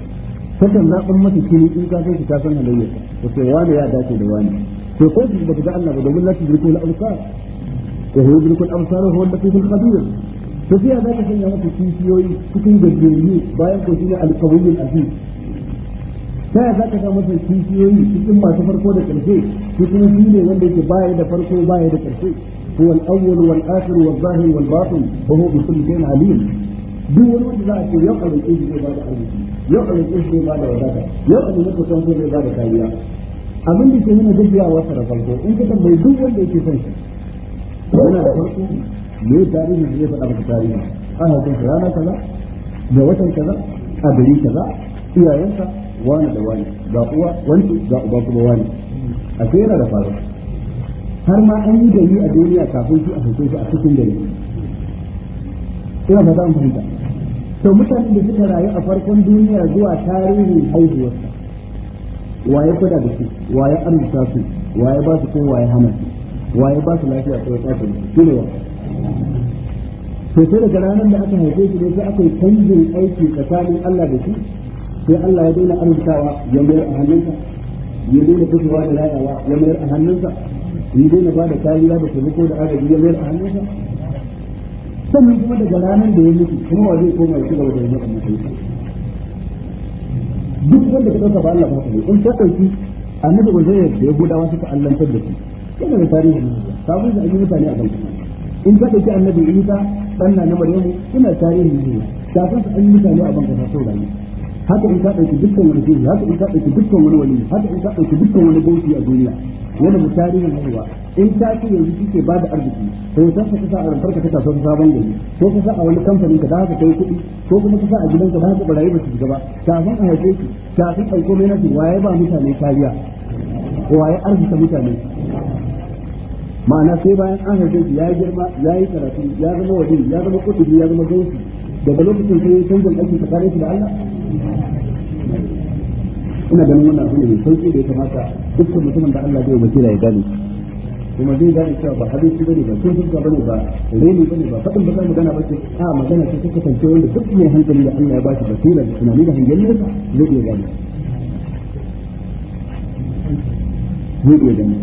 sakan zaɓin masa kini in ka san shi ka san halayyarsa to sai wani ya dace da wani to ko shi baka ga Allah ba domin lati zirku al absar wa huwa zirku al absar huwa al-latif al-khabir to sai za ya sanya masa kishiyoyi cikin gajeriyu bayan ko shi ne al-qawiyyu al-aziz ta ya za ka sa masa kishiyoyi cikin masu farko da ƙarshe shi kuma shi ne wanda yake baya da farko baya da ƙarshe هو wal والآخر والظاهر والباطن وهو بكل شيء عليم duk wani wanda za a ce yau a roƙe shi zai bada arziki yau a roƙe shi zai bada wadata yau a roƙe kusan ko zai bada kariya abin da ke nuna gajiya wasa da farko in ka tambayi duk wanda yake son shi yana da farko me tarihi zai faɗa maka tarihi an haifin shi rana kaza da watan kaza a gari kaza iyayensa wani da wani ga uwa wani ga uba kuma wani a sai yana da faru har ma an yi gari a duniya kafin shi a haife shi a cikin gari ina ba za mu fahimta to mutanen da suka rayu a farkon duniya zuwa tarihin wa ya kuda da su waye amsa su ya ba su ko ya hana su ya ba su lafiya ko ya tafi shi ne wa to sai daga ranar da aka haife shi ne sai aka yi canjin aiki tsakanin Allah da shi sai Allah ya daina arzikawa ya mayar a hannunsa ya daina fitowa da rayawa ya mayar a hannunsa ya daina ba da kariya da taimako da agaji ya mayar a hannunsa sannan kuma daga ranar da ya mutu kuma wa zai koma ya cigaba da yin wannan mutu duk wanda ka dauka ba Allah ba kuma in ka dauki annabi ba zai yarda wasu ta allantar da shi yana da tarihi ne sabon da ajiyar mutane a bankin in ka dauki annabi Isa dan na na Maryamu ina tarihi ne kafin su ajiyar mutane a bankin sa saurayi haka in ka ɗauki dukkan wani shehu haka in ka ɗauki dukkan wani wali haka in ka ɗauki dukkan wani a duniya Wani mu tarihin haihuwa in ta ce yanzu kike ba da arziki to san ka sa a rantar ka ta son sabon gari ko ka sa a wani kamfanin ka da haka kai kuɗi ko kuma ka sa a ka da haka barayi ba su shiga ba kafin a haife ki kafin a komai na waye ba mutane kariya waye arzika mutane ma'ana sai bayan an haife ki ya girma ya yi karatu ya zama wali ya zama kutubi ya zama gauti daga lokacin sai canjin aikin tsakanin su da Allah ina ganin wannan abu ne mai sauki da ya kamata dukkan mutumin da Allah zai wakila ya gane kuma zai gane cewa ba abinci bane ba sun fuska bane ba reni bane ba faɗin ba za mu ba ce a magana ce ta kasance wanda duk mai hankali da Allah ya ba shi basira da tunani da hangen nesa zai iya gane zai iya gane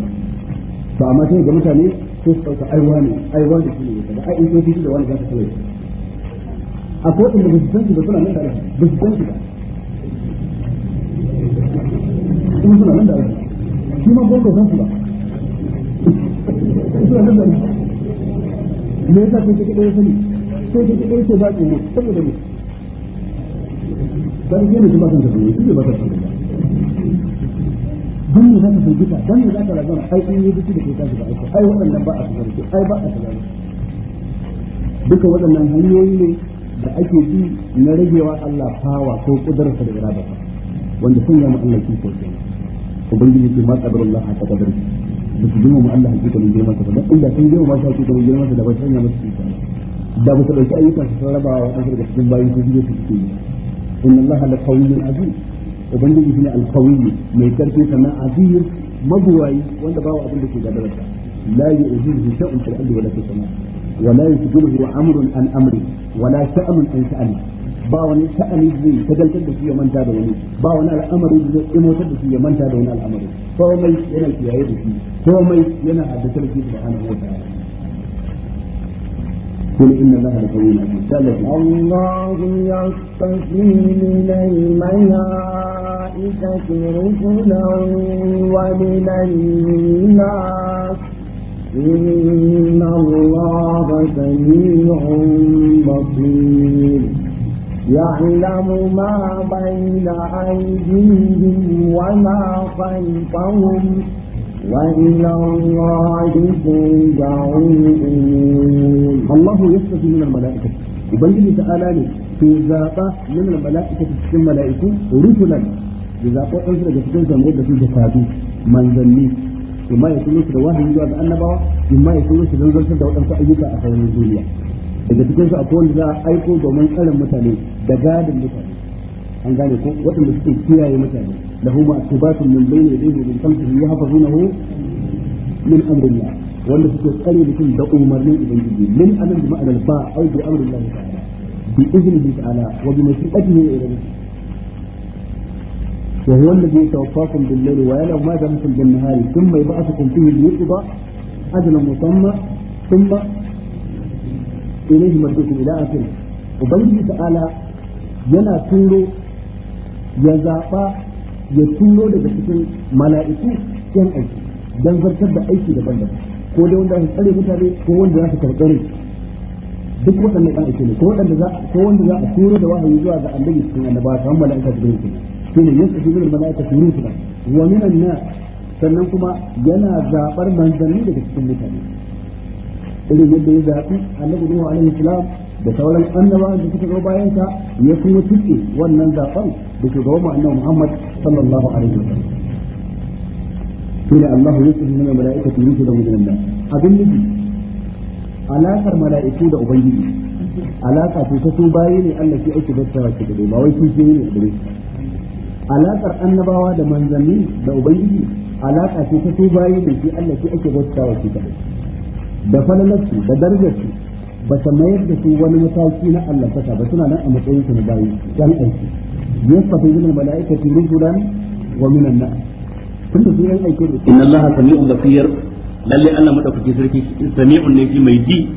ba amma sai ga mutane sai su ɗauka aiwa ne aiwa da shi ne ai in kai shi da wani za ka kawai akwai waɗanda ba su san su ba suna nan da Allah ba su san su ba kuma suna nan da Allah shi ma ko san su ba suna nan da Allah me yasa kai kake ɗaya sani sai kake ɗaya ce ba ku ne saboda ne dan ke ne ba san da ne shi ba san da dan ne za ka san gita dan ne za ka razana ai an yi duki da kai ka shiga ai waɗannan ba a shiga ai ba a shiga duka waɗannan hanyoyi ne da ake bi na ragewa Allah fawa ko kudarsa da irada wanda sun ya Allah shi ko sai ubangiji ke ma qadarullah ta qadar da su jima mu Allah hakikanin girman sa dan inda sun jima ma shi hakikanin girman sa da ba sanya musu shi da ba su dauki ayyukan su ba wa wadansu daga cikin bayin su je su ce inna Allah la qawiyyun aziz ubangiji shine al-qawiyyu mai karfi sannan aziz mabuwayi wanda bawa abin da ke gadarsa la yu'jizu shay'un fil ardi wala fis sama' ولا يشغله امر عن امره ولا شأن عن شأنه ba wani sha'ani zai shagaltar da shi ya manta da wani ba wani al'amari zai imotar da shi ya manta da wani al'amari komai yana kiyaye da shi komai yana haddace da shi subhanahu wa ta'ala قل إن الله لقوي الله يستحيي من الملائكة إن الله سميع بصير يعلم ما بين أيديهم وما خلفهم وإلى الله ترجع الأمور الله يستفي من الملائكة وبين تعالى في زاقة من الملائكة في الملائكة رسلا إذا قلت أنت لك تنسى مرد في جسادي منزلين imma ya turo da wahayi zuwa ga annabawa imma ya turo shi don da waɗansu ayyuka a sauran duniya daga cikin su akwai wanda za a aiko domin tsarin mutane da gadin mutane an gane ko waɗanda suke kiyaye mutane lahu ma'tubatun min bayni yadayhi wa min khalfihi yahfazunahu min amrillah wanda suke tsare mutum da umarnin ubangiji min anan bi ma'anar ba au amrillah ta'ala bi iznihi ta'ala wa bi mashi'atihi wa iradatihi وهو الذي يتوفاكم بالليل ويعلم ما دمتم بالنهار ثم يبعثكم فيه ليقضى أجل مسمى ثم إليه مرجعكم إلى آخره وبنجي تعالى ينا تورو يزاقا يتورو لجسكم ملائكو كان أيكي dan zartar da aiki ko dai wanda tsare mutane ko wanda za su karɓare duk waɗannan ɗan aiki ne ko wanda za a turo da wahayi zuwa ga annabi cikin annabawa kamar mala'ika da ne. shine yusbihu min al-mala'ikati rusula wa min an-nas sannan kuma yana zabar manzanni daga cikin mutane irin yadda ya zaɓi annabi Nuhu alaihi salam da sauran annabawan da suka zo bayan sa ya kuma tuke wannan zaɓen da ke gaban annabi Muhammad sallallahu alaihi wasallam shine Allah yusbihu min al-mala'ikati rusula wa min an-nas abin nufi alaƙar mala'iku da ubangiji alaƙa ce ta su bayi ne Allah ke aiki da ta wace da ba wai su ne da alaƙar annabawa da manzanni da ubangiji alaƙa ce ta su bayi da shi Allah shi ake bauta wa shi da falalarsu da darajarsu ba ta mayar da su wani mataki na Allah saka ba suna nan a matsayin su na bayi dan aiki yasafu min malaikati rusulan wa min an-nas tun da su yan aiki da inna Allah sami'un basir lalle Allah madaukaki sarki sami'un ne shi mai ji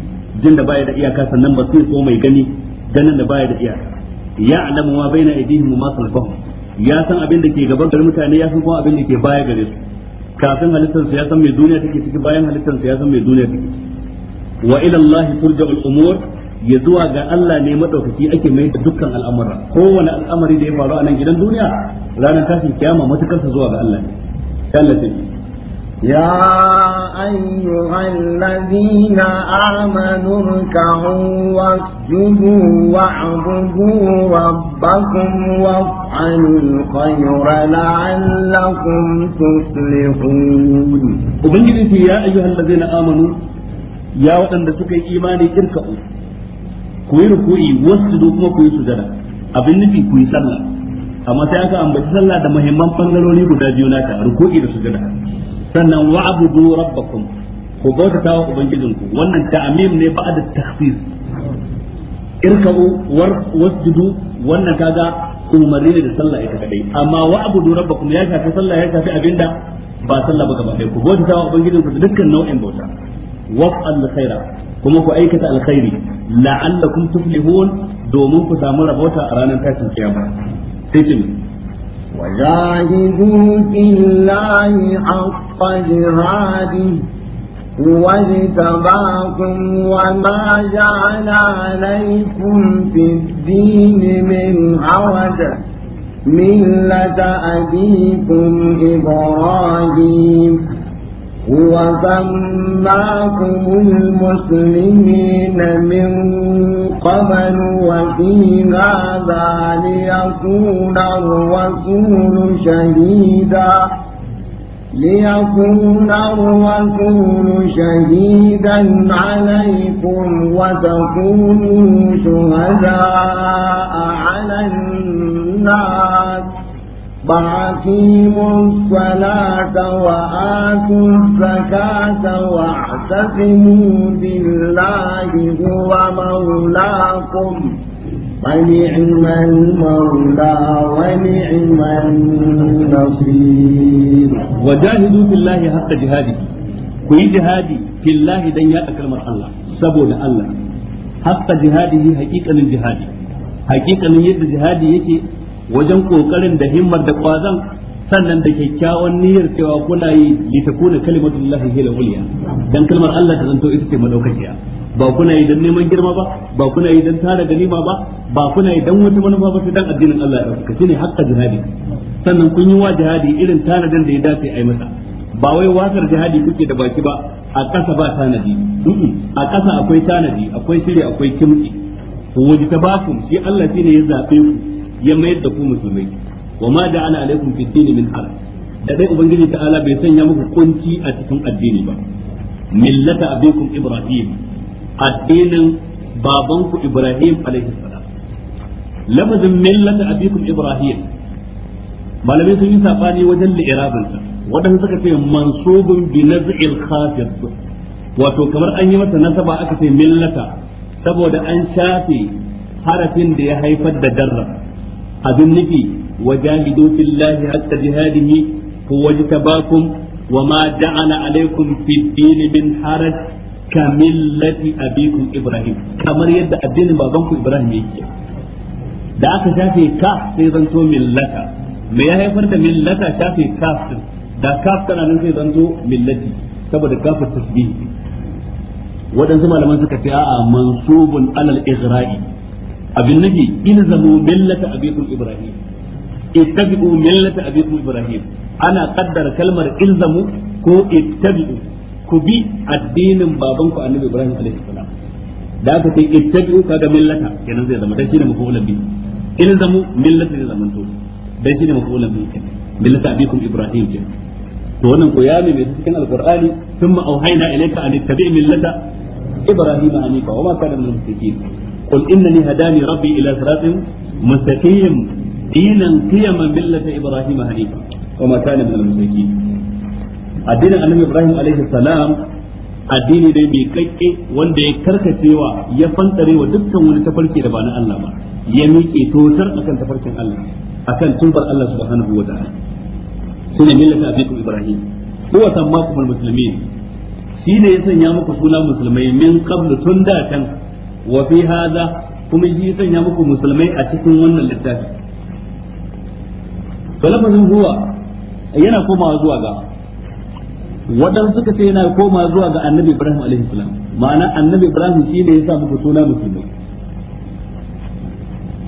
jin da baya da iyaka sannan basir ko mai gani ganin da baya da iyaka ya'lamu ma baina aydihim wa ma khalfahum ya san abin da ke gaban garin mutane ya san kuma abin da ke baya gare su kafin halittar su ya san mai duniya take ciki bayan halittar ya san mai duniya take ciki wa ila Allah turja'ul umur ya zuwa ga Allah ne madaukaki ake mai da dukkan al'amura kowane al'amari da ya faru a nan gidan duniya ranar tashin kiyama matukarsa sa zuwa ga Allah ne يا أيها الذين آمنوا اركعوا واسجدوا واعبدوا ربكم وافعلوا الخير لعلكم تفلحون وبنجلس يا أيها الذين آمنوا يا وطن سكي إيماني اركعوا كوي ركوعي واسجدوا كما كوي سجدا أبن نفي كوي صلى أما تأكى أنبت بسلا دمهمان مهمان فنغلوني قدا جيوناتا رسجدا sannan wa'budu rabbakum ku bautata wa ubangijinku wannan ta'amim ne ba'da takhsis irka'u wasjudu wannan kaga umarni ne da sallah ita kadai amma wa'budu rabbakum ya shafi sallah ya shafi abinda ba sallah ba gaba ɗaya ku bauta wa ubangijinku da dukkan nau'in bauta waf'al khaira kuma ku aikata alkhairi la'allakum tuflihun domin ku samu rabota a ranar tashin kiyama sai وجاهدوا في الله حق جهاده هو اجتباكم وما جعل عليكم في الدين من حرج ملة أبيكم إبراهيم وسماكم المسلمين من قبل وفي هذا ليكون الرسول شهيدا ليكون الرسول شهيدا عليكم وتكونوا شهداء على الناس وأقيموا الصلاة وآتوا الزكاة واعتصموا بالله هو مولاكم ونعم المولى ونعم النصير وجاهدوا في الله حق جهاده كي جهادي في الله دن يأتك الله سبو الله حق جهاده حقيقة من جهادي حقيقة من يد جهادي يكي wajen kokarin da himmar da kwazan sannan da kyakkyawan niyyar cewa kuna yi li takuna kalimatullahi hiya uliya dan kalmar Allah ta zanto ita ce madaukakiya ba kuna yi dan neman girma ba ba kuna yi dan tara ganima ba ba kuna yi dan wata manufa ba sai dan addinin Allah ya dauka shine hakka jihadi sannan kun yi wa jihadi irin tanadin da ya dace a yi masa ba wai wasar jihadi kuke da baki ba a ƙasa ba tanadi a ƙasa akwai tanadi akwai shiri akwai ta baku shi Allah shine ya zabe ku ya mayar da ku musulmai wa ma ja'ala alaikum fid dini min haraj da dai ubangiji ala bai sanya muku kunci a cikin addini ba millata abikum ibrahim addinin babanku ibrahim alaihi salam lafazin millata abikum ibrahim malamai sun yi sabani wajen li'irabinsa waɗanda suka ce mansubun bi naz'il khafid wato kamar an yi masa nasaba aka ce millata saboda an shafe harafin da ya haifar da darra abin nufi wa jahidu fillahi hatta jihadihi huwa jitabakum wa ma da'ana alaikum fid din min haraj kamillati abikum ibrahim kamar yadda addinin babanku ibrahim yake da aka shafe ka sai zanto millata me ya haifar da millata shafe kaf da kaf tana nan sai zanto millati saboda kafin tasbihi waɗansu malaman suka ce a'a mansubun alal isra'i abin nabi ilzamu millata abikum ibrahim ittabi'u millata abikum ibrahim ana kaddara kalmar ilzamu ko ittabi'u ku bi addinin babanku annabi ibrahim alaihi salam da aka sai ittabi'u kaga millata kenan zai zama dan shine mafulan bi ilzamu millata to dan shine mafulan bi millata abikum ibrahim kenan to wannan ko ya mai cikin alqur'ani thumma auhayna ilayka an millata ibrahim wa ma kana mushrikeen qul innani hadani rabbi ila siratin mustaqim dinan qiyama millata ibrahima hanifa wa ma kana minal musyrikin addinin annabi ibrahim alaihi salam addini dai bai kakke wanda ya karkacewa ya fantarewa dukkan wani tafarki da ba na Allah ba ya miƙe totar akan tafarkin Allah akan tubar Allah subhanahu wa ta'ala sune millata abikum ibrahim huwa sammakum almuslimin shine ya sanya muku suna musulmai min qablu tun da tan. wa fi hadha kuma shi sanya muku musulmai a cikin wannan littafi to lafazin huwa yana komawa zuwa ga waɗansu suka ce yana komawa zuwa ga annabi ibrahim alaihi salam ma'ana annabi ibrahim shi ne ya sa muku suna musulmai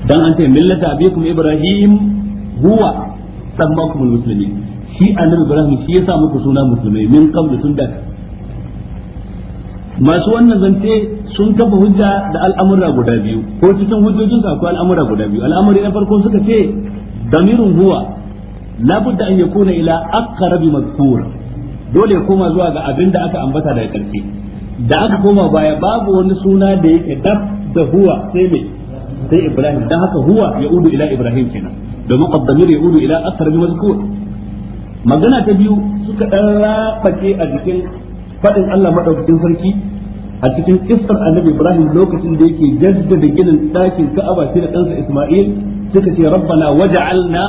dan an ce millata abikum ibrahim huwa sammakum almuslimin shi annabi ibrahim shi ya sa muku suna musulmai min qabl tun da masu wannan zance sun kafa hujja da al'amura guda biyu ko cikin hujjojin su akwai al'amura guda biyu al'amari na farko suka ce damirun huwa labudda an yakuna ila aqrab mazkur dole ya koma zuwa ga abin da aka ambata daga karshe da aka koma baya babu wani suna da yake dab da huwa sai me sai ibrahim dan haka huwa ya udu ila ibrahim kenan domin qaddamir ya udu ila aqrab mazkur magana ta biyu suka dan rafake a jikin faɗin Allah madaukakin sarki a cikin iskar annabi Ibrahim lokacin da yake jaddada ginin ɗakin Ka'aba shi da ɗansa Isma'il suka ce rabbana waj'alna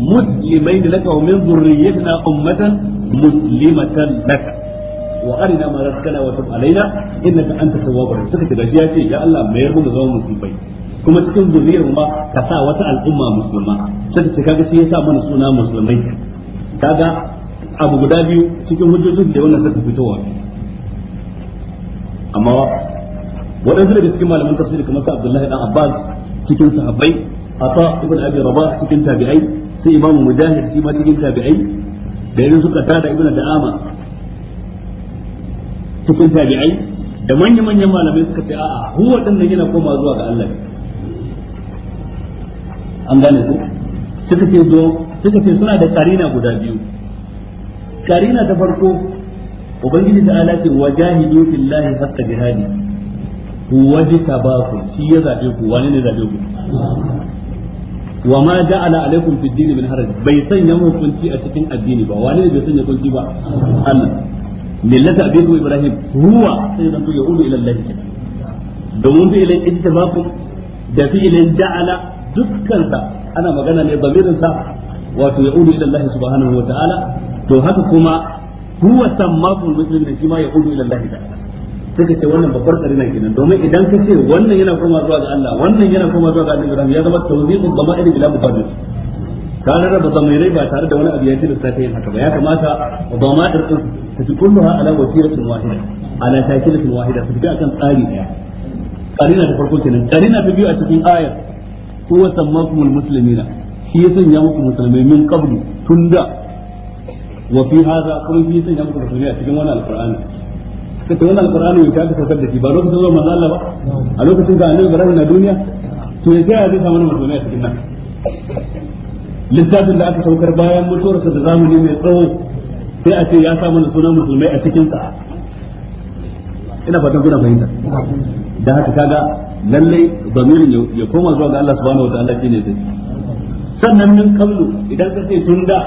muslimaina laka wa min dhurriyyatina ummatan muslimatan laka wa arina ma rabbana wa tub alaina innaka antas tawwabur suka ce da ya ce ya Allah mayar mu da zama musulmai kuma cikin zuriyar ma ka sa wata al'umma musulma sai ka kaga sai ya sa mana suna musulmai kaga abu guda biyu cikin hujjojin da wannan suka fitowa amma waɗansu daga cikin malamin tafsiri kamar sa Abdullahi dan Abbas cikin sahabbai Ata ibn Abi Rabah cikin tabi'ai sai Imam Mujahid shi ma cikin tabi'ai da irin suka tada ibn Da'ama cikin tabi'ai da manya-manyan malamai suka ce a'a huwa din nan yana koma zuwa ga Allah an gane ko suka ce suka ce suna da karina guda biyu karina ta farko ubangiji ta ala ce wajahidu fillahi haqqa jihadi ku ka ba ku shi ya zabe ku wani ne zabe ku wa ma ja'ala alaikum fid din min haraj bai sanya hukunci a cikin addini ba wani ne bai sanya hukunci ba Allah millata abikum ibrahim huwa sai zanto yaudu ila Allah domin bi ilai ittifaqum da fi ilai ja'ala dukkan sa ana magana ne bamirin sa wato yaudu ila Allah subhanahu wa ta'ala to haka kuma huwa muslim ne shi ma ya hudu ila Allah ta'ala suka ce wannan babbar tsarina kenan domin idan ka ce wannan yana koma zuwa ga Allah wannan yana koma zuwa ga Annabi ya zama tawziqu dama'ir bila mubaddal ka da zamainai ba tare da wani abu ya ce da sake yin haka ba ya kamata dama'ir din ta ji kulluha ala wasilatin wahida ala takilatin wahida su ga akan tsari daya karina ta farko kenan karina ta biyu a cikin ayar huwa sammakumul muslimina shi ya muku musulmai min qabli tunda wa fi hadha kuma fi sun muku da a cikin wannan alqur'ani suka ce wannan alqur'ani yau ta saukar da shi ba lokacin zuwa manzo Allah ba a lokacin da annabi Ibrahim na duniya to ya ga zai samu mutum a cikin nan littafin da aka saukar bayan mutuwarsa da zamani mai tsawo sai a ce ya samu sunan musulmai a cikin sa ina fatan kuna fahimta da haka kaga lallai zamirin ya koma zuwa ga Allah subhanahu ta'ala shine sai sannan min kallo idan ka ce tun da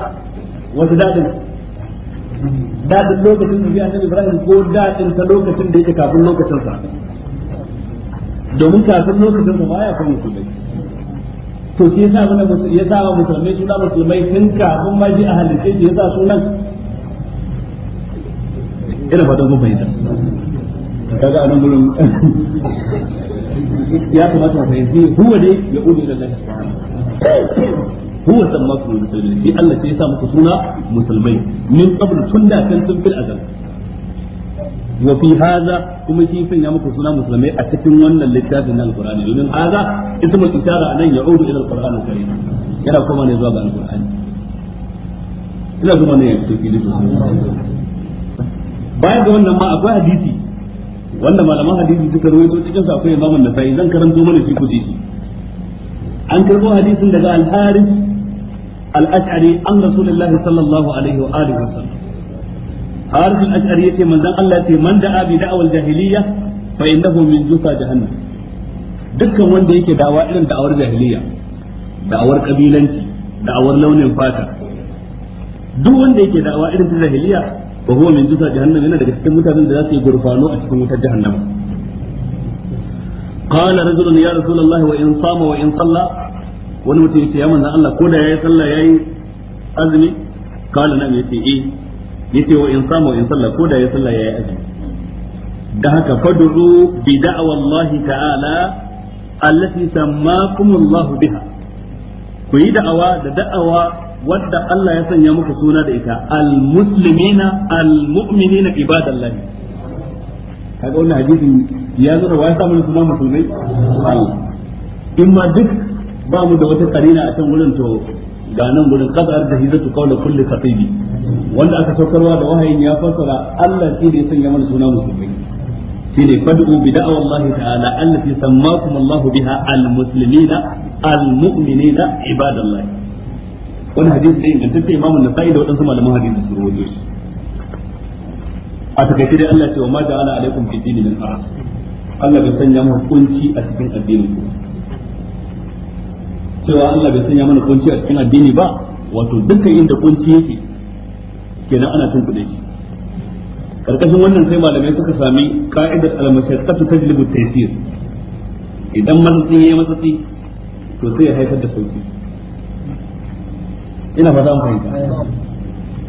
Wasu daɗin, daɗin lokacin da annabi Ibrahim ko daɗin ta lokacin da yake kafin lokacin sa domin kafin lokacin sa baya kuma bai to shi yasa mana yasa wa musulmai suna musulmai tun kafin ma ji a halice shi yasa sunan ina fata mun fahimta kaga anan gurin ya kamata mu fahimci huwa dai ya udu da Allah subhanahu huwa sammakum muslimin shi Allah sai ya sa muku suna musulmai min qabl tunda kan tun fil azal wa kuma shi sun musulmai a cikin wannan littafin na alqur'ani domin hadha ismul ishara nan ya'udu ila alqur'an alkarim yana kuma ne zuwa ina ne baya ga wannan ma akwai hadisi wanda malaman hadisi suka rawaito cikin sa akwai imamun nasai zan karanto mana shi ku shi an karbo hadisin daga al-harith al-ash'ari an rasulullahi sallallahu alaihi wa alihi wasallam harith al-ash'ari yace manzon Allah yace man da'a bi da'awal jahiliyya fa innahu min jusa jahannam dukkan wanda yake dawa irin da'awar jahiliya, da'awar kabilanci da'awar launin fata duk wanda yake da'awa irin ta jahiliyya wa huwa min jusa jahannam yana daga cikin mutanen da za su yi gurfano a cikin wutar jahannama قال رجل يا رسول الله وإن صام وإن صلى wani mutum yace ya manzon Allah ko da ya yi sallah eh. ya yi azumi kala nan yace eh ce wa in samu in sallah ko da ya yi sallah ya yi azumi da haka fadru bi da'awallahi ta'ala allati sammakumullahu biha ku yi da'awa da da'awa wadda Allah ya sanya muku suna da ita al-muslimina al-mu'minina ibadallah kaga wannan hadisin ya zo da wai samu suna musulmai in ma duk ba mu da wata karina a can gurin to ga nan gurin qadar da hizatu qawla kulli khatibi wanda aka saukarwa da wahayin ya fassara Allah shi ne sanya mana suna musulmi shi ne fad'u bi da'wa Allah ta'ala allati sammakum Allah biha al-muslimina al-mu'minina ibadallah wannan hadisi da ingantacce imamu nasa'i da wadansu malaman hadisi su rawaito shi a takaice dai Allah ce wa ma ja'ala alaikum fi dini min haraj Allah bai sanya mu hukunci a cikin addinin ku cewa Allah bai sanya mana kunci a cikin addini ba wato dukkan inda kunci yake kenan ana tun kuɗe shi karkashin wannan sai malamai suka sami ka'idar al-mashaqqatu tajlibu at-taysir idan matsatsi yayi matsatsi to sai ya haifar da sauki ina fata an fahimta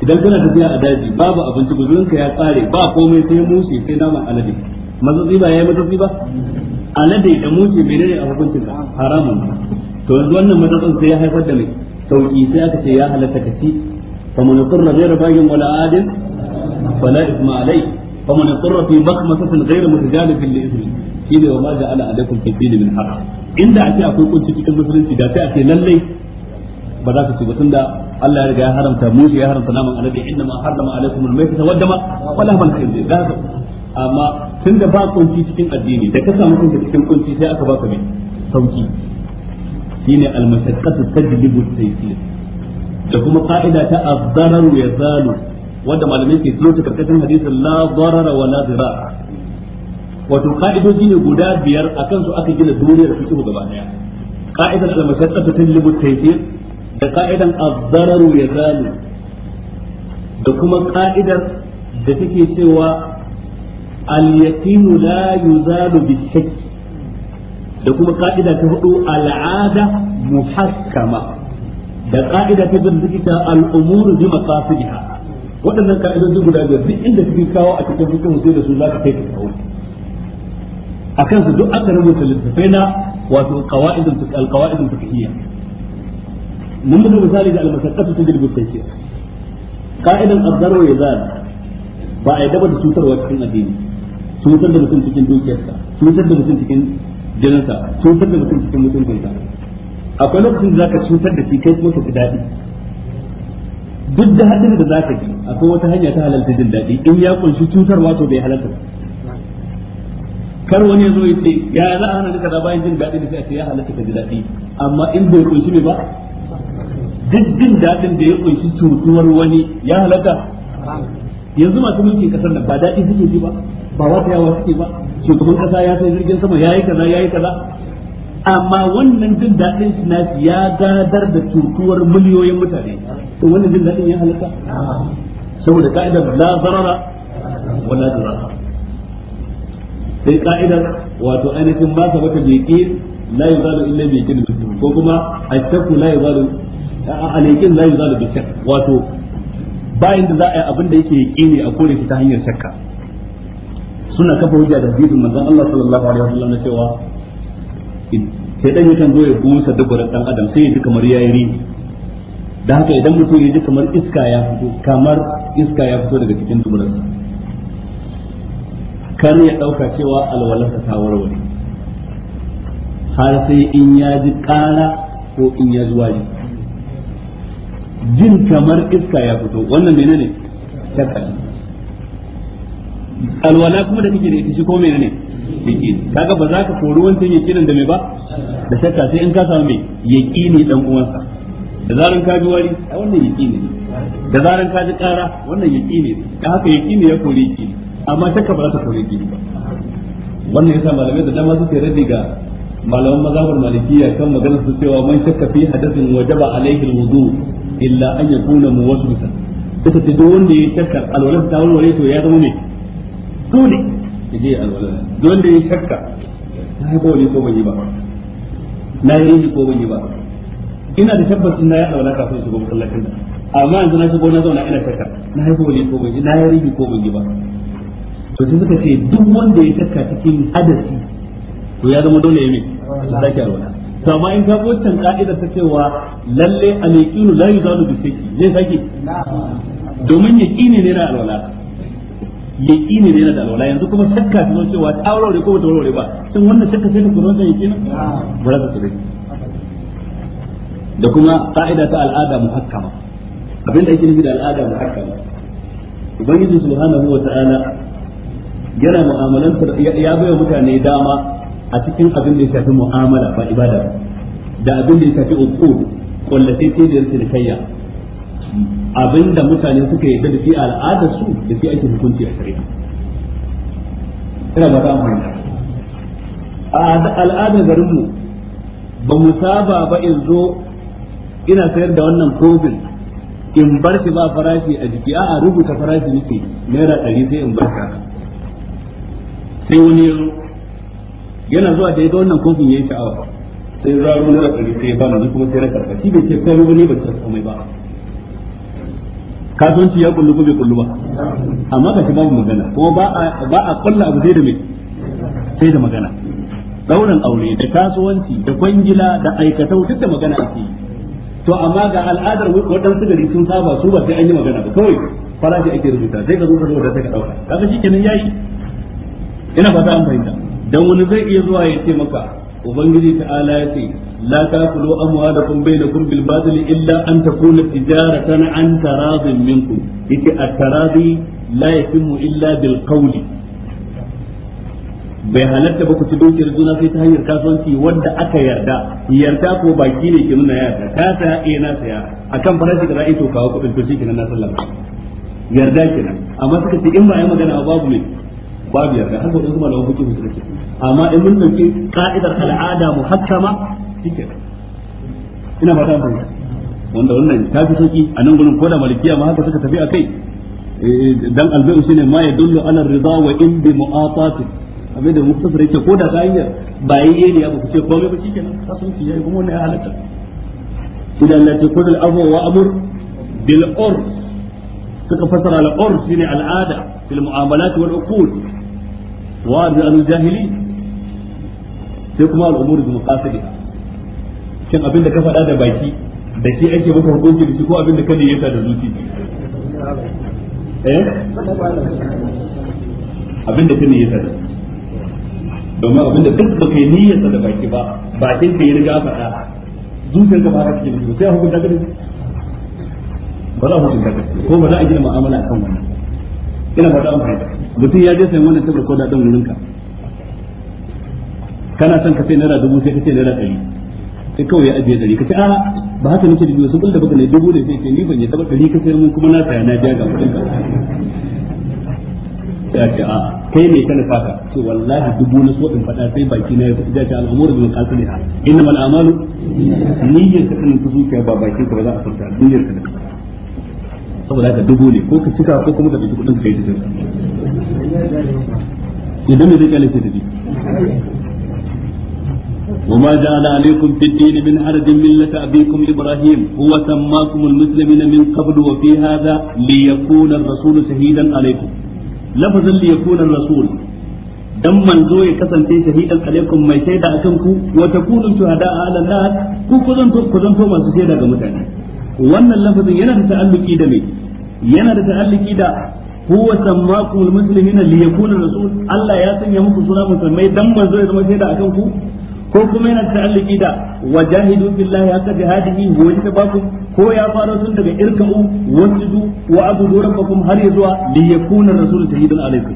idan kana tafiya a daji babu abinci guzurinka ya tsare ba komai sai mushe sai nama alade matsatsi ba yayi matsatsi ba alade da mushe menene a hukuncin haramun to yanzu wannan matsatsin sai ya haifar da mai sauki sai aka ce ya halatta ka ci fa man ghayra wala fala alai fa man fi ghayra mutajalifin li wa ma ja'ala alaikum min haqq inda ake akwai kunci cikin musulunci da sai ake ba za ka ci ba tunda Allah ya riga ya haramta musu ya haramta naman alade inna ma harrama alaikum wala man da amma tunda ba kunci cikin addini da ka samu kunci cikin kunci sai aka baka mai sauki shine al tajlibu at-taysir da kuma ka'ida ta ad-dararu yazalu wanda malamai ke tsoro ta karkashin hadisin la darara wa la dirara wato ka'idoji ne guda biyar akan su aka gina duniyar fiqh gaba daya Ka'idar al-mashaqqatu tajlibu at-taysir da ka'idan ad-dararu yazalu da kuma ka'idar da take cewa al-yaqinu la yuzalu bi-shakk da kuma ka'ida ta hudu al'ada muhakkama da ka'ida ta biyar take ta al'umuru bi maqasidiha waɗannan ka'idoji guda biyar duk inda kake kawo a cikin fikin sai da su za ka kai ka kawo akan su duk aka rubuta littafai na wato qawaidul fiqh al-qawaidul fiqhiyya mun da misali da al-mashaqqatu ta al-taysir qa'idan ad ya wa yazal ba a yadda da cutarwa cikin addini cutar da mutum cikin dukiyarsa cutar da mutum cikin jininsa cutar da mutum cikin mutuncinsa akwai lokacin da ka cutar da shi kai kuma ka daɗi duk da hadin da za zaka ji akwai wata hanya ta halarta jin daɗi in ya kunshi cutarwa to bai halarta kar wani ya zo ya ce ya za a hana kaza bayan jin daɗi da sai a ce ya halarta ka ji daɗi amma in bai kunshi ne ba duk jin daɗin da ya kunshi cutuwar wani ya halarta yanzu masu mulki kasar nan ba daɗi suke ji ba ba wata yawa suke ba shugaban kasa ya sai jirgin sama ya yi kaza yi kaza amma wannan jin daɗin sinasi ya gadar da tutuwar miliyoyin mutane to wannan jin daɗin ya halitta saboda ka'idar la zarara wala zarara sai ka'idar wato ainihin ba sa wata biqin la yuzalu illa biqin ko kuma ashakku la yuzalu alaykin la yuzalu bishak wato bayan da za a yi abin da yake yaqini a kore shi ta hanyar shakka suna kafa hujja da hadisin manzon Allah sallallahu alaihi wasallam na cewa sai dan yakan zo ya busa duburan dan adam sai ya ji kamar yayi ri dan haka idan mutum ya ji kamar iska ya fito kamar iska ya fito daga cikin duburan kan ya dauka cewa alwalasa ta warware har sai in ya ji kara ko in ya zuwa ji jin kamar iska ya fito wannan menene takali alwala kuma da kike da ita shi ko menene yake kaga ba za ka kori wancan yaqinin da me ba da shakka sai in ka samu me ni dan uwansa da zaran ka ji wari a wannan yaqini ne da zaran ka ji kara wannan yaqini ne da haka ni ya kore yaqini amma shakka ba za ta kore yaqini ba wannan yasa malamai da dama suke rabi ga malaman mazhabar malikiya kan maganar su cewa man shakka fi hadathin wajaba alaihi alwudu illa an yakuna muwaswisan duka ta duk wanda ya shakka alwala ta warware to ya zama me dole ya je alwala don da ya shakka na yi kowane ko ban yi ba na yi rinji ko ban yi ba ina da tabbas ina yi alwala kafin su shiga masallacin da amma yanzu na shigo na zauna ina shakka na yi kowane ko ban yi na yi rinji ko ban yi ba to sai suka ce duk wanda ya shakka cikin hadasi to ya zama dole ya mai sake alwala to amma in ka wancan ka'ida ta cewa lalle al la yuzalu bi shakki zai sake domin yaqini ne na alwala yaqini ne yana da alwala yanzu kuma shakka ta zo cewa ta ko ta aurore ba sun wannan shakka sai da kuma wannan yaqini ba za ta da kuma ka'ida ta al'ada muhakkama abinda ake nufi da al'ada muhakkama ubangiji subhanahu wa ta'ala yana mu'amalan ya bayar mutane dama a cikin abin da ya shafi mu'amala ba ibada da abin da ya shafi uku kullace ce da yarsa da kayya abinda mutane suka yadda da shi a su da shi ake hukunci a shari'a ina ba ta amfani a al'adar garinmu ba mu saba ba in zo ina sayar da wannan kofin in bar shi ba farashi a jiki a rubuta farashi nake naira ɗari sai in bar sai wani yanzu yana zuwa da ya ga wannan kofin ya yi sha'awa sai zaro naira ɗari sai ba na zuwa kuma sai na karɓa shi bai ce sai ba ba ce komai ba kasuwanci ya kullu bai kullu ba amma ka babu magana ko ba a ba a kulla abu sai da me sai da magana dauran aure da kasuwanci da kwangila da aikatau duk da magana ake to amma ga al'adar waɗansu gari sun saba su ba sai an yi magana ba kawai farashi ake rubuta sai ka zo ka zo sai ka dauka kaga shikenan yayi ina fata an fahimta dan wani zai iya zuwa ya ce maka ubangiji ta'ala ya ce la da amwalakum bainakum bil batil illa an takuna an la illa bil bai halatta ba ku ci juna sai ta hanyar kasuwanci wanda aka yarda yarda ko baki ne ke nuna yarda ta saya eh, na saya farashi da ra'ayi to kawo kuɗin to na sallama yarda kenan amma suka ce in ba yi magana babu ne babu yarda har gobe kuma lawan buki musu take amma in mun dauki ka'idar al'ada muhakkama shike ina ba ta fahimta wanda wannan ta fi sauki a nan gurin koda malikiya ma haka suka tafi a kai eh, dan albayu shine ma ya yadullu ala rida wa in bi mu'atati abin da mustafir yake koda ka hanyar bayayye ne abu kuce komai ba shikenan ka san ki yayi kuma wannan ya halatta idan la taqul abu wa amr bil urf suka fasara al urf shine al'ada fil mu'amalat wal uqul wa Al jahili sai kuma al'umuri bi maqasidi kin abin da ka faɗa da baki da shi ake maka hukunci da shi ko abin da ka niyyata da zuci eh abin da ka niyyata da domin abin da duk baka niyyata da baki ba bakin ka ya riga faɗa zuciyar ka ba ta cikin sai hukunta ka ba za a hukunta ka ko ba za a gina mu'amala kan wannan ina fata an fahimta mutum ya je sayan wannan tabar ko da dan wurin ka kana son ka sai naira dubu sai ka ce naira ɗari sai kawai ya ajiye ɗari ka ce a ba haka nake dubu sun kulle baka ne dubu ne sai ce ni ban yi tabar ɗari ka sai mun kuma na saya na biya ga kuɗin ka ya ce a kai ne kana faka ce wallahi dubu na so in faɗa sai baki na ya fita ce al'amuru bil qasliha innamal a'malu niyyar ka kan ta zuciya ba bakin ka ba za a furta niyyar ka da saboda haka dubu ne ko ka cika ko kuma ka ɗauki kuɗin ka kai cikin idan ne zai kyale sai tafi وما جعل عليكم في الدين من حرج ملة أبيكم إبراهيم هو سماكم المسلمين من قبل وفي هذا ليكون الرسول شهيدا عليكم لفظ ليكون الرسول ya kasance shahidan alaikum mai shaida akan ku wa takunu shuhada ala wannan lafazin yana da ta'alluki da me yana da ta'alluki da huwa sammakum almuslimina liyakuna rasul Allah ya sanya muku suna musulmai dan manzo ya zama shaida akan ku ko kuma yana ta'alluki da wajahidu billahi haqqa jihadihi wa tabakum ko ya faro sun daga irka'u wasjudu wa abudu rabbakum har yazuwa liyakuna rasul shahidan alaikum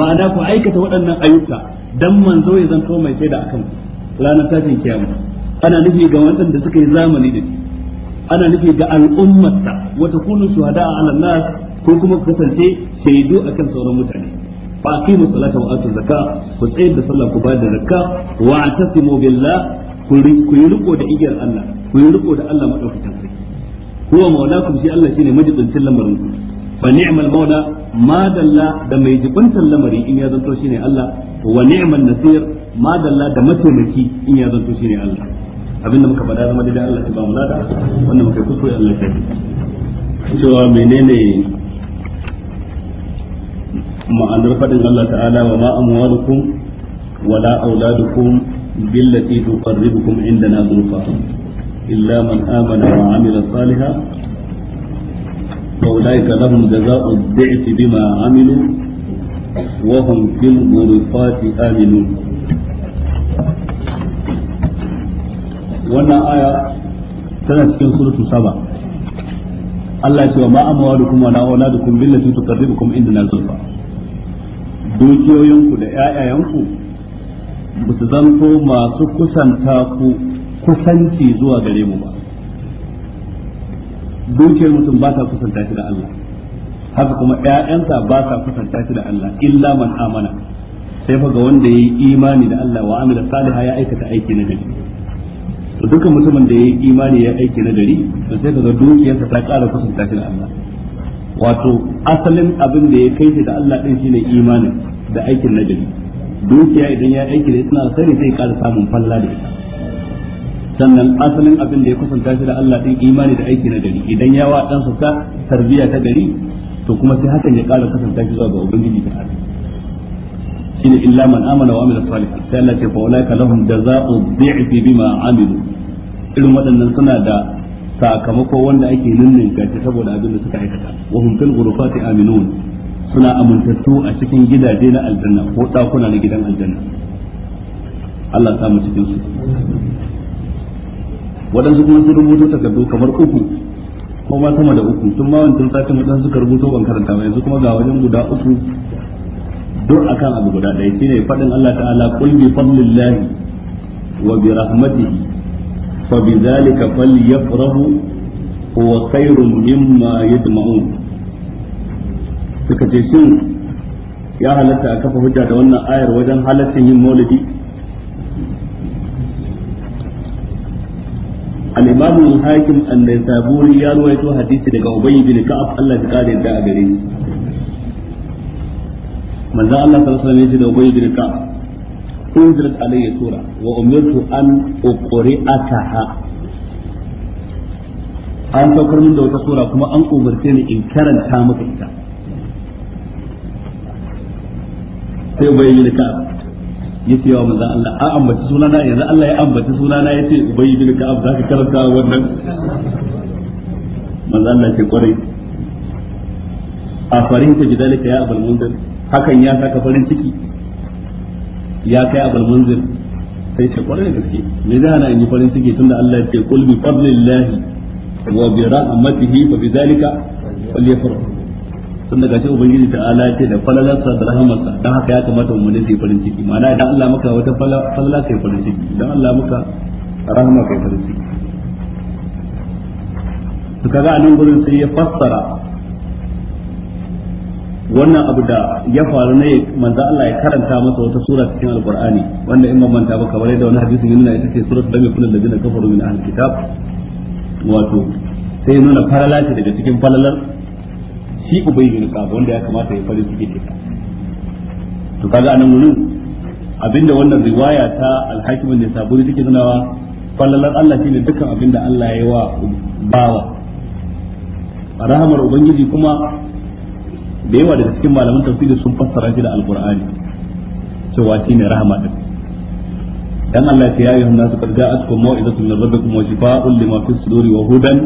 ma'ana ku aikata waɗannan ayyuka dan manzo ya zanto mai shaida akan ranar tashin kiyama ana nufi ga waɗanda suka yi zamani da shi ana nufi ga al'ummarsa wata takunu shuhada ala nas ko kuma kasance shaidu akan sauran mutane fa aqimu salata wa atu zakka ku tsayar da sallah ku ba da zakka wa atasimu billah ku yi riko da igiyar Allah ku yi riko da Allah madaukakin sarki huwa maulakum shi Allah shine majidincin lamarin ku fa ni'mal maula ma dalla da mai jibantar lamari in ya zanto shine Allah wa ni'man nasir ma dalla da mataimaki in ya zanto shine Allah abinda muka faɗa zama daidai Allah ya ba mu lada wanda muka kuskure Allah ya cewa menene ma'anar faɗin Allah ta'ala wa ma amwalukum wala auladukum billati tuqarribukum indana zulfa illa man amana wa amila salihan فأولئك لهم جزاء الضعف بما عملوا وهم في الغرفات آمنون wannan aya tana cikin suratul saba Allah ya ce wa ma amwalukum wa la auladukum billati tuqarribukum indana zulfa dukiyoyinku da ƴaƴayanku ba su zanto masu kusanta ku kusanci zuwa gare mu ba dukiyar mutum ba ta kusanta shi da Allah haka kuma ƴaƴansa ba ta kusanta shi da Allah illa man amana sai fa ga wanda yayi imani da Allah wa amila salihah ya aikata aiki na gari to dukkan mutumin da ya yi imani ya aiki na gari to sai ga dukiyarsa ta ƙara kusanta shi da Allah wato asalin abin da ya kai shi da Allah din shine imani da aikin na gari dukiya idan ya aiki da ita sani sai ƙara samun falla da ita sannan asalin abin da ya kusanta shi da Allah din imani da aiki na gari idan ya wa dan sa tarbiya ta gari to kuma sai hakan ya ƙara kusanta shi zuwa ga ubangiji ta Allah shine illa man amana wa amila salihan sai Allah ce fa ulaika lahum jazaa'u dhi'fi bima amilu irin waɗannan suna da sakamako wanda ake ninninka ta saboda abin da suka aikata wa hum fil ghurfati aminun suna amintattu a cikin gidaje na aljanna ko dakuna na gidan aljanna Allah ta mu cikin su waɗansu kuma sun rubuto takardu kamar uku ko ma sama da uku tun ma wancan satin waɗansu suka rubuto ban karanta ba yanzu kuma ga wajen guda uku duk akan abu guda ɗaya shine faɗin Allah ta'ala qul bi fadlillahi wa bi rahmatihi fa bi dhalika falyafrahu huwa khairun mimma yajma'un suka ce shin ya halatta a kafa hujja da wannan ayar wajen halaccin yin maulidi al-imam hakim an-naysaburi ya ruwaito hadisi daga ubay bin ka'ab Allah ya kare a gare shi manzo Allah sallallahu alaihi wasallam ya ce da Ubay bin Ka'ab unzilat alayya sura wa umirtu an uqri'ataha an saukar min da wata sura kuma an umarce ni in karanta maka ita sai Ubay bin Ka'ab ya ce wa manzo Allah a ambaci sunana yanzu Allah ya ambaci sunana ya ce Ubay bin Ka'ab zaka karanta wannan manzo Allah ce kwarai a farin ta bidalika ya abul mundir hakan ya saka farin ciki ya kai abul munzir sai ce kwarai da gaske me zai hana in yi farin ciki tunda Allah ya ce qul bi fadlillahi wa bi rahmatihi fa bi zalika falyafrahu tunda gashi ubangiji ta ala ce da falalarsa da rahamarsa dan haka ya kamata mu ne farin ciki ma'ana idan Allah maka wata falala kai farin ciki idan Allah maka rahama kai farin ciki to kaga anan gurin sai ya fassara wannan abu da ya faru ne manzo Allah ya karanta masa wata sura cikin alqur'ani wanda in ban manta ba kamar da wani hadisi ya nuna ita ce suratul lam yakun alladhina kafaru min ahli kitab wato sai nuna falalata daga cikin falalar shi ubayyi bin ka'ab wanda ya kamata ya fari cikin ta to kaga anan wurin abinda wannan riwaya ta al ne saburi take nunawa falalar Allah shine dukkan abinda Allah ya yi wa bawa rahamar ubangiji kuma da yawa daga cikin malaman tafsiri sun fassara shi da alqur'ani cewa shine rahama din dan Allah ya yi nasu qad ja'atkum mau'izatun min rabbikum wa shifaa'un lima fi suduri wa hudan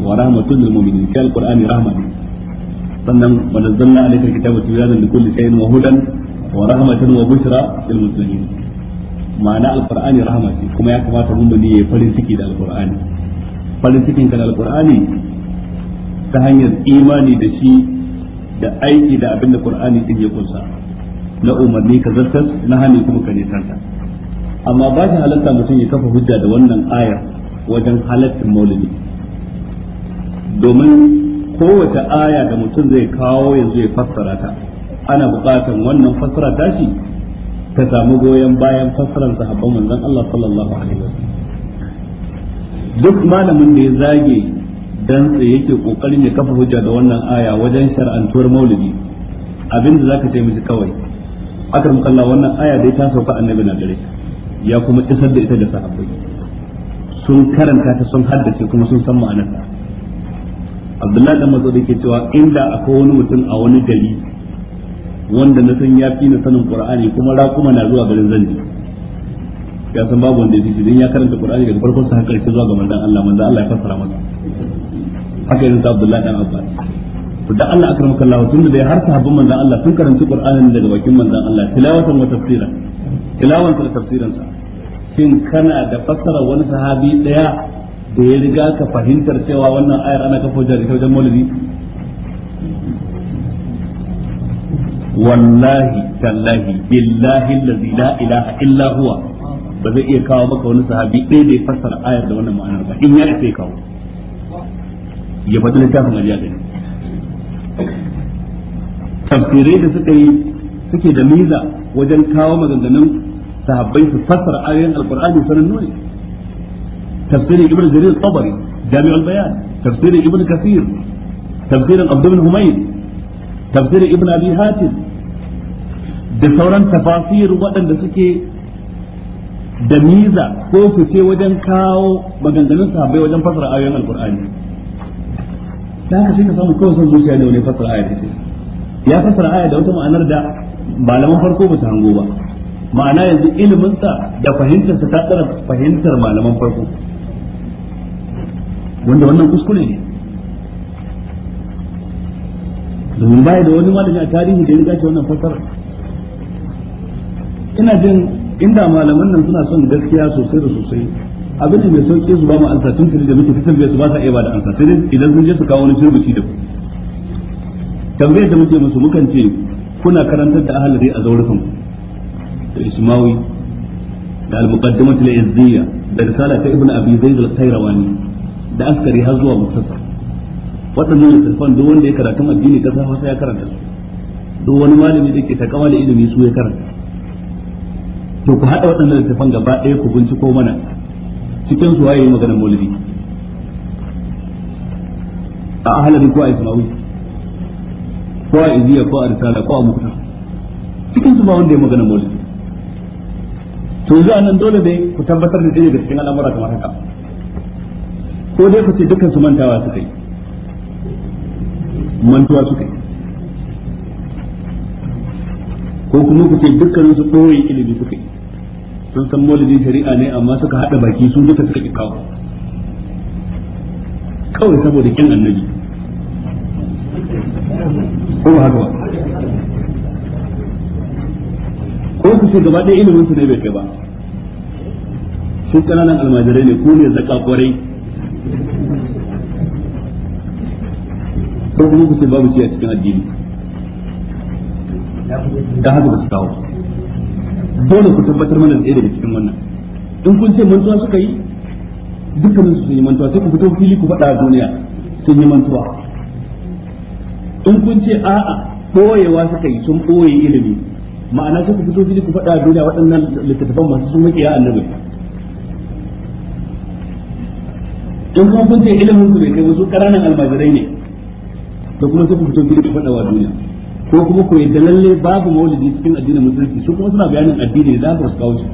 wa rahmatun lil mu'minin kal qur'ani rahma ne sannan wa nazzalna alayka alkitaba tibyanan kulli shay'in wa hudan wa rahmatan wa bushra lil muslimin ma'ana alqur'ani rahma ce kuma ya kamata mun ne farin ciki da alqur'ani farin cikin da alqur'ani ta hanyar imani da shi da aiki da abin da qur'ani din ya kunsa na umarni ka zartar na hani kuma ka ta amma ba shi halatta mutum ya kafa hujja da wannan aya wajen halattin maulidi domin kowace aya da mutum zai kawo yanzu ya fassara ta ana buƙatar wannan fassara tashi ta samu goyon bayan fassarar sahabban manzon Allah sallallahu alaihi wasallam duk malamin da ya zage dan tsaye yake kokarin ya kafa hujja da wannan aya wajen shar'antuwar maulidi abinda zaka taimaki mishi kawai akar mukalla wannan aya dai ta sauka annabi na gare ya kuma isar da ita da sahabbai sun karanta ta sun haddace kuma sun san ta abdullahi dan mazo ke cewa inda akwai wani mutum a wani gari wanda na san ya fi na sanin qur'ani kuma kuma na zuwa garin zanji ya san babu wanda ya fi shi ya karanta qur'ani daga farkon sa har karshe zuwa ga manzon Allah manzon Allah ya fassara masa haka irin sa Abdullahi dan Abbas to dan Allah akramaka Allah tunda da har sahabban manzon Allah sun karanci Qur'anin daga bakin manzon Allah tilawatan wa tafsiran tilawan da tafsirin sa shin kana da fassara wani sahabi daya da ya riga ka fahimtar cewa wannan ayar ana kafa jari ta wajen maulidi wallahi tallahi billahi allazi la ilaha illa huwa ba zai iya kawo maka wani sahabi ɗaya da ya fassara ayar da wannan ma'anar ba in ya isa ya kawo ya faɗi littafin ajiya gani tafsirai da suka yi suke da miza wajen kawo maganganun sahabbai su fassara ayoyin alqur'ani sanan nuni tafsirin ibnu jarir tabari jami'ul bayan tafsirin Ibn kasir tafsirin abdul bin humayd tafsirin ibnu abi hatim da sauran tafasir waɗanda suke da miza ko fice wajen kawo maganganun sahabbai wajen fassara ayoyin alqur'ani ta haka shi ka samu kawai zuciya da wani fassara aya ta ya fassara aya da wata ma'anar da malaman farko ba su hango ba ma'ana yanzu iliminsa da fahimtarsa ta tsara fahimtar malaman farko wanda wannan kuskure ne domin baya da wani malami a tarihi da ya gace wannan fassara ina jin inda malaman nan suna son gaskiya sosai da sosai abin da mai sauki su ba mu ansa tun da muke fitar su ba sa iya ba da ansa sai dai idan sun je su kawo wani turbuci da tambayar da muke musu mukan ce kuna karantar da ahalari a zaurukan da ismawi da al-muqaddimat al izziya da risala ta ibnu abi zaid al-khairawani da askari har zuwa muktasar waɗannan littattafan duk wanda ya karatu addini kasa sai ya karanta su duk wani malami da ke takama da ilimi su ya karanta to ku haɗa waɗannan littattafan gaba ɗaya ku binciko mana cikin su waye maganar maulidi a ahalari ko a ismawi ko a iziya ko a risala ko a mukta cikin su ba wanda ya maganar maulidi to yanzu nan dole dai ku tabbatar da ɗaya daga cikin al'amura kamar haka ko dai ku ce dukkan su mantawa suka yi mantuwa suka yi ko kuma ku ce dukkan su ɓoye ilimi suka yi sun san maulidin shari'a ne amma suka hada baki sun duka suka kawo kawai saboda kin annabi ko ba haka ba ko ku ce gaba ɗaya ilimin su ne bai kai ba su kananan almajirai ne ku ne zaka kwarai ko kuma ku ce babu shi a cikin addini da haka ba su kawo dole ku tabbatar mana da daga cikin wannan in kun ce mantuwa suka yi dukkanin su yi mantuwa sai ku fito fili ku faɗa a duniya sun yi mantuwa in kun ce a'a ɓoyewa suka yi sun ɓoye ilimi ma'ana sai ku fito fili ku faɗa a duniya waɗannan littattafan masu sun maƙiya annabi in kuma kun ce ilimin ku bai kai wasu ƙananan almajirai ne da kuma sai ku fito fili ku faɗa wa duniya ko kuma ku yadda lalle babu maulidi cikin addinin musulunci su kuma suna bayanin addini da za su kawo shi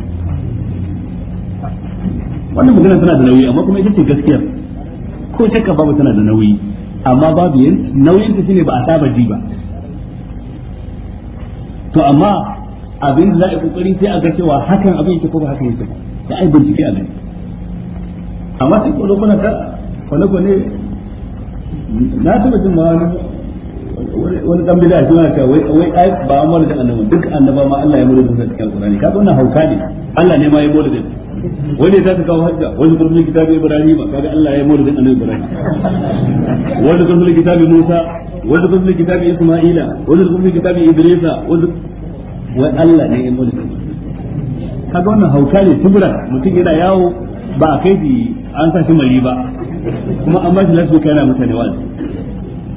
wannan magana tana da nauyi amma kuma ita ce gaskiya ko shakka babu tana da nauyi amma babu yin nauyin ta shine ba a saba ji ba to amma abin da za a kokari sai a ga cewa hakan abin yake ko ba hakan yake da ai bincike a nan amma sai ko lokuna ka kone-kone na taba jin ma wani dan bid'a suna ta wai wai ai ba an maulidin annabi duk annaba ma Allah ya mura da cikin wannan hauka ne Allah ne ma ya da wani ya ta kawo hajja wani gurbin kitabi ibrahim kaga Allah ya da annabi ibrahim wani gurbin kitabi musa wani gurbin kitabi isma'ila wani gurbin kitabi wani wai Allah ne ya kaga wannan hauka ba kai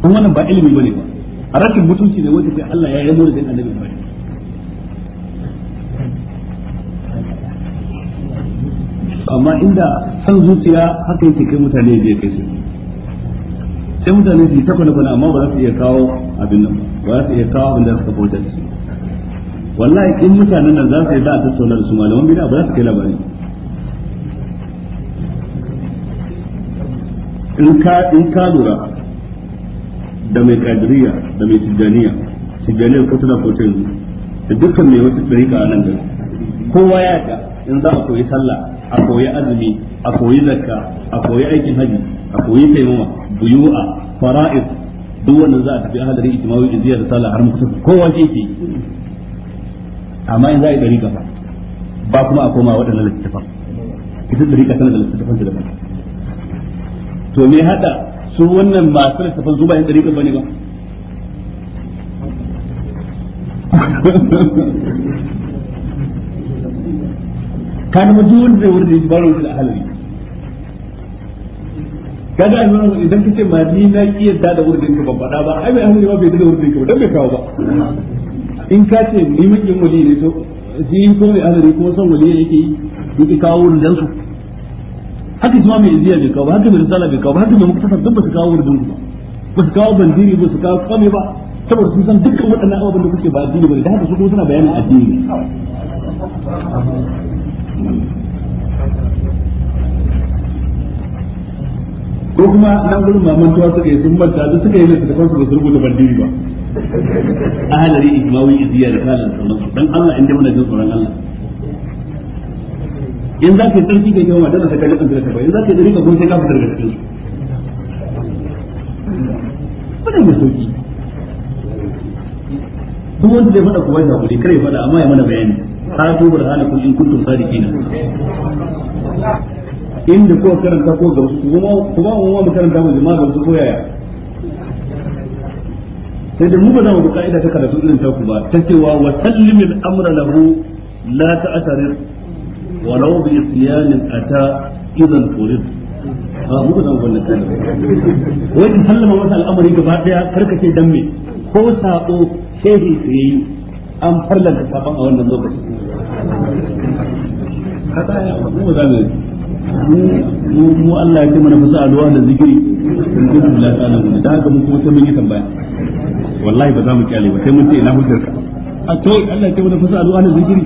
kuma shi ba ilimi ba a rashin mutunci ne wata sai Allah ya yi mu da dan annabi Ibrahim amma inda san zuciya haka yake kai mutane da kai su sai mutane su ta kwana amma ba za su iya kawo abin nan ba za su iya kawo abin da suka bauta su wallahi in mutanen nan za su yi da a tattauna da su malaman bida ba za su kai labari in ka in ka lura da mai kadiriya da mai sijjaniya sijjaniya ko tana kota yanzu da dukkan mai wata tsarika a nan da kowa ya ga in za a koyi sallah a koyi azumi a koyi zakka a koyi aikin haji a koyi taimama buyu'a fara'id duk wannan za a tafi a ijma'i iziya da sallah har mutum kowa ke ke amma in za a yi dariƙa ba ba kuma a koma waɗannan littattafan ita dariƙa tana da littattafan da daban to me hada su wannan masu littafin su ba yan dariƙa bane ba ka na mutu zai wurin da ba ruwa da ahalari kaga ai wannan idan kace ma ni na kiyarta da wurin ka ban faɗa ba ai mai ahalari ba bai da wurin ka ba dan bai kawo ba in ka ce ni makin wali ne to shi ko mai ahalari son wali yake yi yake kawo wurin su haka shi ma mai iziya bai kawo ba haka mai risala bai kawo haka mai muktasar duk ba su kawo wurin ba ba su kawo bandiri ba su kawo kame ba saboda sun san dukkan waɗannan abubuwan da kuke ba addini ba da haka su kuma suna bayanin addini ko kuma nan gurin maman tuwa suka yi sun manta da suka yi da tafan su ba su rubuta bandiri ba ahalari ijmawi iziya da kalan sauran dan Allah inda muna jin tsoron Allah in za ka yi tsarki kai yawa dana saka lakan talaka in za ka yi dariƙa kuma sai ka fitar da cikin bane mai sauki duk wanda zai faɗa kuma ya hakuri kare faɗa amma ya mana bayani har hana burhanakum in kuntum sadiqina inda ko karanta ko ga wasu kuma kuma mu mu karanta mu jama'a ga wasu ko yaya sai da mu ba za mu ka'ida ta karatu irin ta ku ba ta cewa wa sallimin amra lahu la ta'tarir ولو بإصيان أتى إذا فرض a muku zan gwamna kan wai ka sallama masa al'amari gaba daya karka ce dan me ko sako shehi su yi an farlanta sabon a wannan lokaci kada ya mu za mu mu Allah ya ce mana musa alwa da zikiri in kun bila kana mun da haka mu kuma sai mun yi tambaya wallahi ba za mu kyale ba sai mun ce ina hujjar ka a to Allah ya ce mana musa alwa da zikiri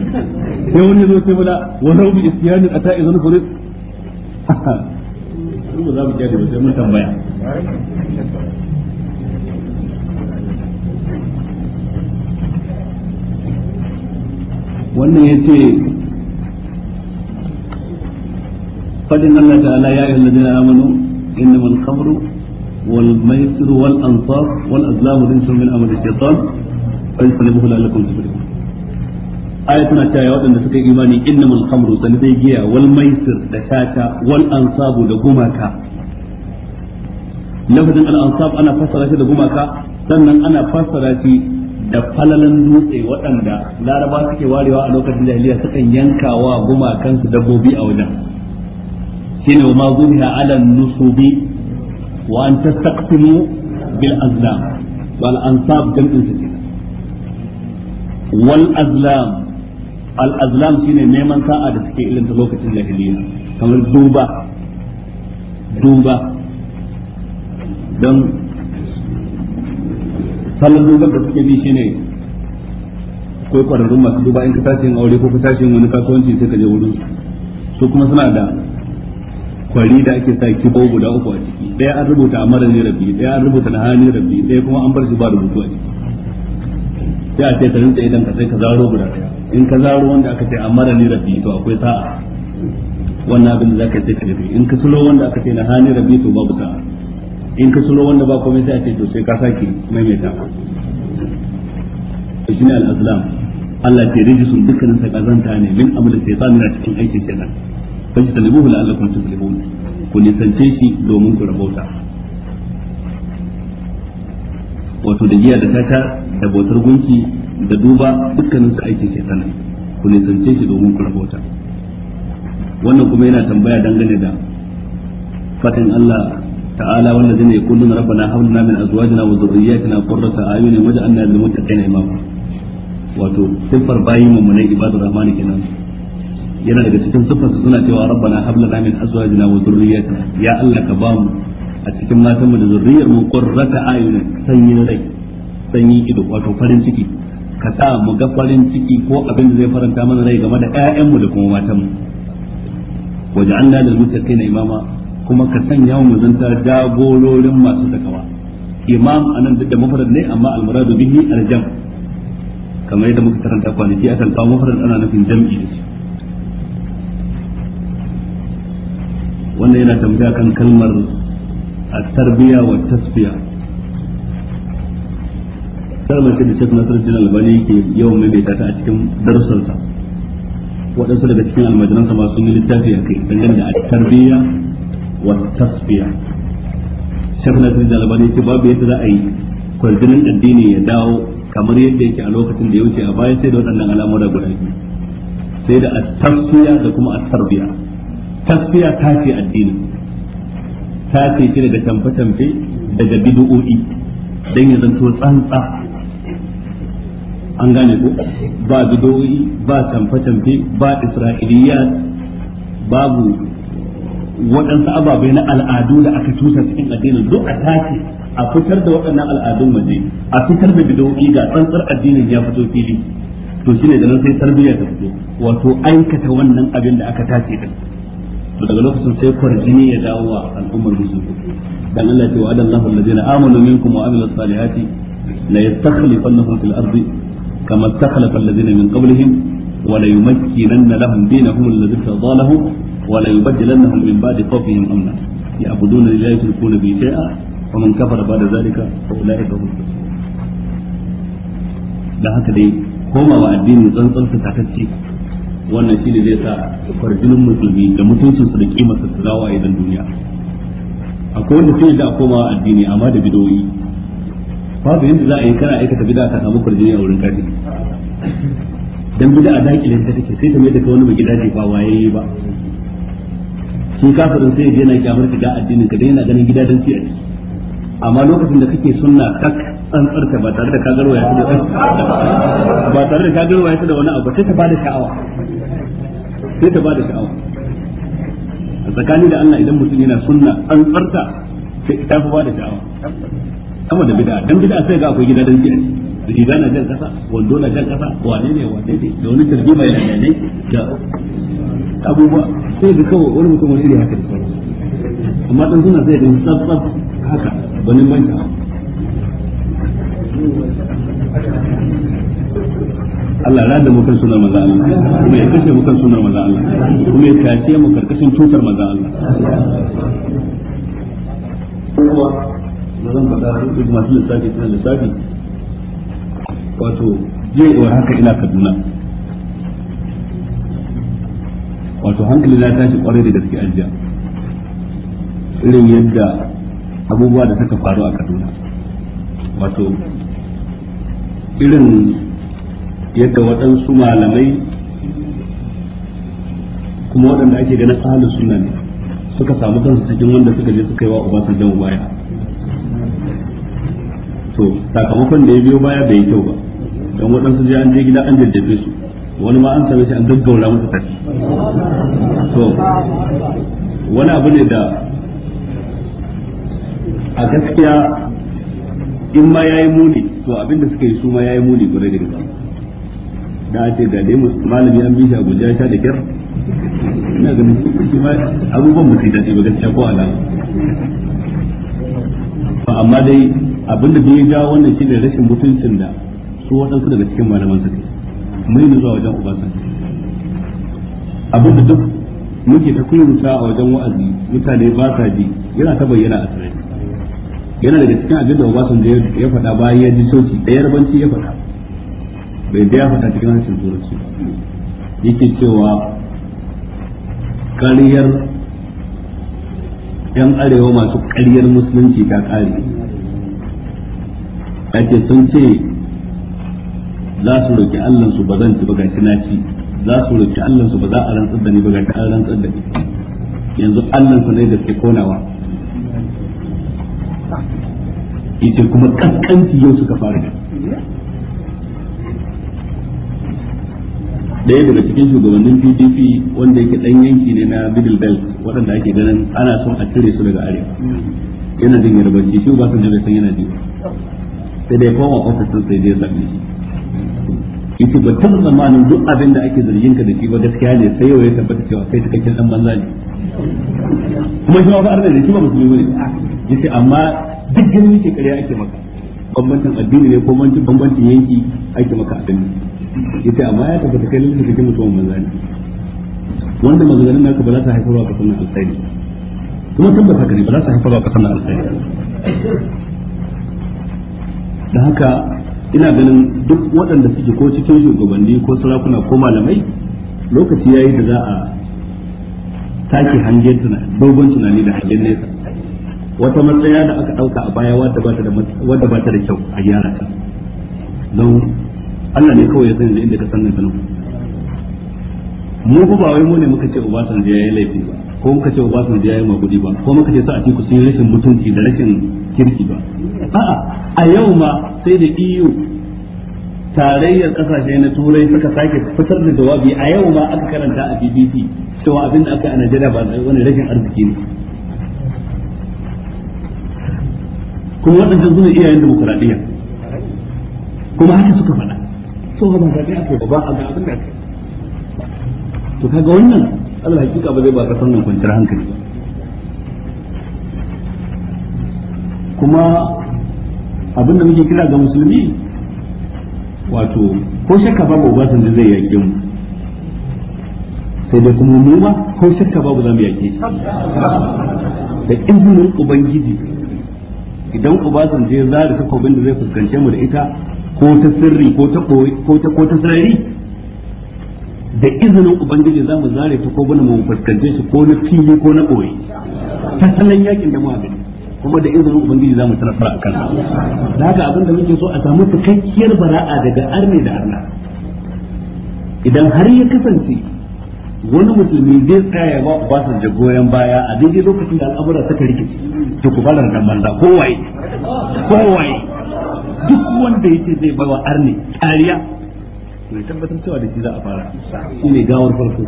sai wani zo sai mana wa rawmi isyanin ata idan kuris su ba za فإن الله تعالى يا أيها الذين آمنوا إنما الخمر والميسر والأنصار والأزلام رجس من أمر الشيطان فإن صلبوه لعلكم تفلحون aya tana cewa waɗanda suka yi imani innamal khamru sanadai giya wal maisir da tata wal ansabu da gumaka lafazin al ansab ana fassara shi da gumaka sannan ana fassara shi da falalan dutse waɗanda laraba suke warewa a lokacin jahiliya sukan yankawa gumakansu dabbobi a wajen shine wa ma zubiha ala nusubi wa an tastaqsimu bil azlam wal ansab jam'in su wal azlam al shi shine neman sa'a da suke irin ta lokacin jahiliya kamar duba duba don salon dubar da suke bi shine kai kwararrun masu duba in ka tashin yin aure ko ka tashin yin wani kasuwanci sai ka je wurin su kuma suna da kwari da ake sa kibo guda uku a ciki ɗaya an rubuta amara ne rabbi ɗaya an rubuta na hannun rabbi ɗaya kuma an bar shi ba rubutu a ciki sai a ce ka rinta idan ka sai ka zaro guda ɗaya in ka zaro wanda aka ce amara ni rabbi to akwai sa'a wannan abin da za zaka ce ka nufi in ka sulo wanda aka ce na hani rabbi to babu sa'a in ka sulo wanda ba komai sai a ce to sai ka sake maimaita shine al-azlam Allah ce sun dukkanin sa kazanta ne min amal shaytan na cikin aikin kenan fashi talibuhu la'allakum tuflihun ku nisance shi domin ku rabauta wato da giya da tata da bautar gunki da duba dukkanin su ke shaytan ku nisance shi domin ku rahota wannan kuma yana tambaya dangane da fatin Allah Ta'ala Wanda تعالى rabbana يقولون ربنا هب لنا من ازواجنا وذرياتنا قرة اعين lil muttaqina imama wato siffar bayin mu ne ibadu rahmani kenan yana daga cikin sifar su suna cewa rabbana hab lana min azwajina wa dhurriyyatina ya Allah ka ba mu a cikin matan mu da zurriyar mu qurrata ayunin sanyin rai sanyin ido wato farin ciki ka sa mu ga farin ciki ko abin da zai faranta mana rai game da ƴaƴanmu da kuma matanmu Waje an da da na imama kuma ka sanya mu zanta jagororin masu takawa imam anan duk da mufrad ne amma almuradu bihi aljam kamar yadda muka karanta kwanaki akan kawo mufrad ana nufin jam'i da shi wannan yana tambaya kan kalmar a tarbiya wa tasfiya kalmar ce da Sheikh Nasiruddin Albani yake yawan maimaita ta a cikin darussansa waɗansu daga cikin almajiransa masu sun yi littafi a kai dangane da tarbiyya wa tasfiya Sheikh Nasiruddin Albani yake babu yadda za a yi kwarjinin addini ya dawo kamar yadda yake a lokacin da ya wuce a baya sai da waɗannan al'amura guda biyu sai da a tasfiya da kuma a tarbiya tasfiya ta ce addini ta ce shi daga tamfe-tamfe daga bidu'o'i dan ya zanto tsantsa an gane ko ba bidoyi ba tamfe-tamfe ba isra'iliyat babu waɗansu ababai na al'adu da aka tusa cikin addinin duk a tace a fitar da waɗannan al'adun waje a fitar da bidoyi ga tsantsar addinin ya fito fili to shine da nan sai tarbiyya ta fito wato aikata wannan abin da aka tace din to daga lokacin sai kwarjini ya dawo wa al'ummar musulmi dan Allah ya ce wa adallahu alladhina amanu minkum wa amilus salihati la yastakhlifannahum fil ardi كما استخلف الذين من قبلهم وليمكنن لهم دينهم الذي ارتضى لهم وليبدلنهم من بعد خوفهم امنا يعبدونني لا يشركون بي شيئا ومن كفر بعد ذلك فاولئك هم da haka dai komawa addinin tsantsansa takacce wannan shi ne zai sa kwarjinin musulmi da mutuncinsu da kimarsa su zawa idan duniya akwai wanda sai da komawa addini amma da bidoyi babu yadda za a yi kana aikata bid'a a samu kurjini a wurin kafiri dan bid'a da kilin ta take sai ta mai da ta wani magida ce ba waye ba shi kafirin sai yana kyamar ga addinin ka dai yana ganin gida dan ci amma lokacin da kake sunna kak an tsarta ba tare da ka garwaya ta da ba tare da ka garwaya ta da wani abu sai ta bada sha'awa sai ta bada sha'awa a tsakani da Allah idan mutum yana sunna an tsarta sai ta fi bada sha'awa sama da bid'a dan bid'a sai ga akwai gida dan ki da riga na jan kasa wando na jan kasa wane ne wane ne da wani tarbi mai ne da abubuwa sai ga kawai wani mutum wani haka da sauran amma dan suna sai da tsaf haka wani manta Allah ya rada mukan sunan manzo Allah kuma ya kashe mukan sunan manzo Allah kuma ya kace mu karkashin tutar manzo Allah ba zan faɗa duk masu lissafi suna lissafi wato zai wa haka ina kaduna wato hankali na tashi kwarai da gaske ajiya irin yadda abubuwa da suka faru a kaduna wato irin yadda waɗansu malamai kuma waɗanda ake ganin ahalin suna ne suka samu kansu cikin wanda suka je suka yi wa ubasanjan baya to sakamakon da ya biyo baya bai kyau ba don waɗansu je an je gida an jajjabe su wani ma an same shi an gaggaura masa tafi to wani abu ne da a gaskiya in ma yayi muni to abinda suka yi su ma yayi muni gure da gaba da a ce ga dai malami an bi shi a guja sha da kyar ina ganin shi ma abubuwan ba su dace ba gaskiya ko alama amma dai abinda da ya jawo wannan ne rashin mutuncin da su waɗansu daga cikin malaman su mun yi zuwa wajen Abin abinda duk muke ta kuyuta a wajen wa'azi mutane ba sa ji yana ta bayyana a sarari yana daga cikin abin da Obasanjo ya faɗa ba ya ji sauki da rabanci ya faɗa bai biya faɗa cikin harshen turanci yake cewa ƙaryar yan arewa masu ƙaryar musulunci ta ƙare ake sun ce za su roƙi allansu ba zan ci ba gashi na ci za su roƙi allansu ba za a rantsar da ni ba gashi an rantsar da ni yanzu allansu ne da ke konawa ita kuma kankanci yau suka fara ɗaya daga cikin shugabannin pdp wanda yake ɗan yanki ne na middle belt waɗanda ake ganin ana son a cire su daga arewa yana jin yarbanci shi ba su jirgin yana jiwa sai dai koma ofis sun sai dai sami shi yace ba tun zamanin duk abin da ake zargin ka da shi ba gaskiya ne sai yau ya tabbata cewa kai cikakken dan banza ne kuma shi ma ba arna ne shi ba musulmi ne yace amma duk ganin yake ƙarya ake maka bambancin addini ne ko bambancin yanki ake maka abin yace amma ya tabbata kai lalle kake mutumin banza ne wanda maganganun naka ba za ta haifarwa ka sunan alkhairi kuma tabbata ka ne ba za ta haifarwa ka sunan alkhairi da haka ina ganin duk waɗanda suke ko cikin shugabanni ko sarakuna ko malamai lokaci yayi da za a take hangen dogon tunani da hangen nesa wata matsaya da aka ɗauka a baya wadda ba ta da kyau a gyara ta don Allah ne kawai ya sani da inda ka san nan mu ba wai mu ne muka ce Obasanjo yayi laifi ba ko muka ce Obasanjo yayi magudi ba ko muka ce sa a tiku sun rashin mutunci da rashin kirki ba a'a a yau ma sai da EU tarayyar kasashe na turai suka sake fitar da jawabi a yau ma aka karanta a BBC cewa abin da aka yi a Najeriya ba wani rashin arziki ne kuma waɗancan suna iyayen demokuraɗiyya kuma haka suka faɗa so ba a kai ba a ga abin da aka to kaga wannan Allah hakika ba zai ba kasan nan kwanciyar hankali ba kuma abinda muke kira ga musulmi wato ko shakka babu da zai yaƙi mu sai dai kuma mu ma ko shakka babu za mu yaƙe shi da izinin ubangiji idan obasanjo ya zara takobin da zai fuskance mu da ita ko ta sirri ko ta ko ta sirri da izinin ubangiji za mu zare takobunan mu fuskance shi ko na fili ko na ɓoye ta salon yakin da mu a gani kuma da izinin ubangiji za mu ci nasara kansa da haka abinda muke so a samu cikakkiyar bara'a daga arne da arna idan har ya kasance wani musulmi zai tsaya ba da goyon baya a daidai lokacin da al'amura suka rike to ku fara nan banza ko kowaye duk wanda yake zai bawa arne kariya mai tabbatar cewa da shi za a fara shi ne gawar farko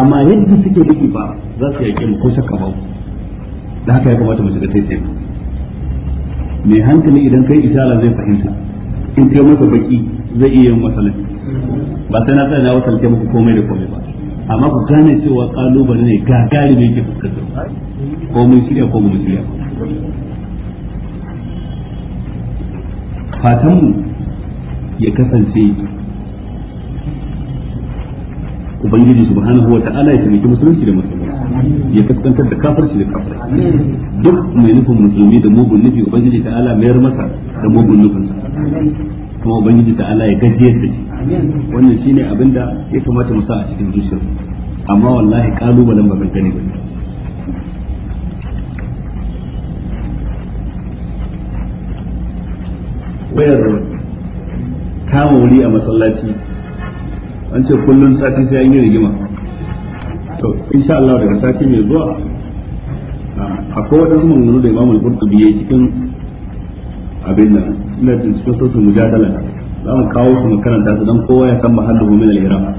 amma yadda suke riki ba za su yake mu ko shakka ba da haka ya kamata mu shiga sai sai mai hankali idan kai isharar zai fahimta in kai masa baki zai iya yin masalati ba sai na tsaya na wasalke muku komai da komai ba amma ku gane cewa kalubale ne gagari ne ke fuskantar ko mun shirya ko mun shirya fatan mu ya kasance ubangiji subhanahu wa ta'ala ya taimaki musulunci da musulmi ya kaskantar da kafirci da kafirai duk mai nufin musulmi da mugun nufi ubangiji ta'ala mayar masa da mugun nufinsa kuma ubangiji ta'ala ya gajiyar da shi wannan shine abin da ya kamata mu sa a cikin zuciyar amma wallahi kalubalen ba gani ba wayar kama wuri a masallaci an ce kullum sati sai an yi rigima to insha Allah daga sati mai zuwa a akwai mun nuna da imamul qurtubi biye cikin abin nan ina jin cikin sautin mujadala za mu kawo su makaranta su dan kowa ya san mahallu min al-iram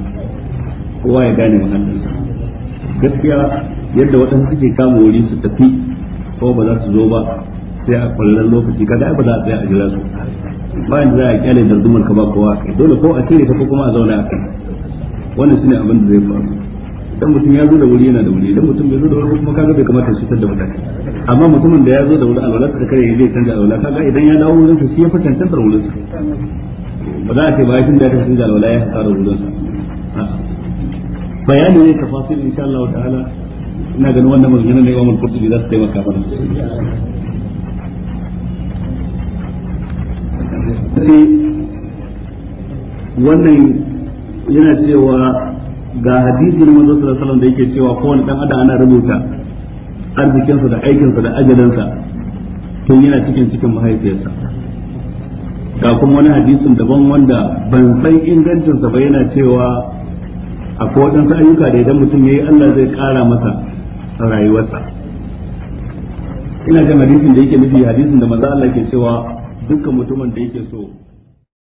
kowa ya gane sa gaskiya yadda waɗansu suke kama wuri su tafi ko ba za su zo ba sai a kwallon lokaci kada ba za a tsaya a jira su bayan da za a kyale da zumar ka ba kowa kai dole ko a cire ta ko kuma a zauna a kai wannan shine abin da zai faru dan mutum ya zo da wuri yana da wuri dan mutum bai zo da wuri kuma kaga bai kamata ya cutar da mutane amma mutumin da ya zo da wuri alwala ta kare zai canza alwala kaga idan ya dawo wurin sa shi ya fi da wurin sa ba za a ce bayan da ta da alwala ya hasara wurin sa bayani ne tafasir insha Allah ta'ala ina ganin wannan magana ne Imam Al-Qurtubi za su taimaka mana wannan yana cewa ga hadisin manzo sallallahu alaihi da yake cewa kowane dan adam ana rubuta arzikinsa da aikinsa da ajalinsa tun yana cikin cikin mahaifiyarsa ga kuma wani hadisin daban wanda ban san ingancinsa ba yana cewa akwai waɗansu ayyuka da idan mutum ya yi Allah zai ƙara masa rayuwarsa ina jin hadisin da yake nufi hadisin da maza Allah ke cewa dukkan mutumin da yake so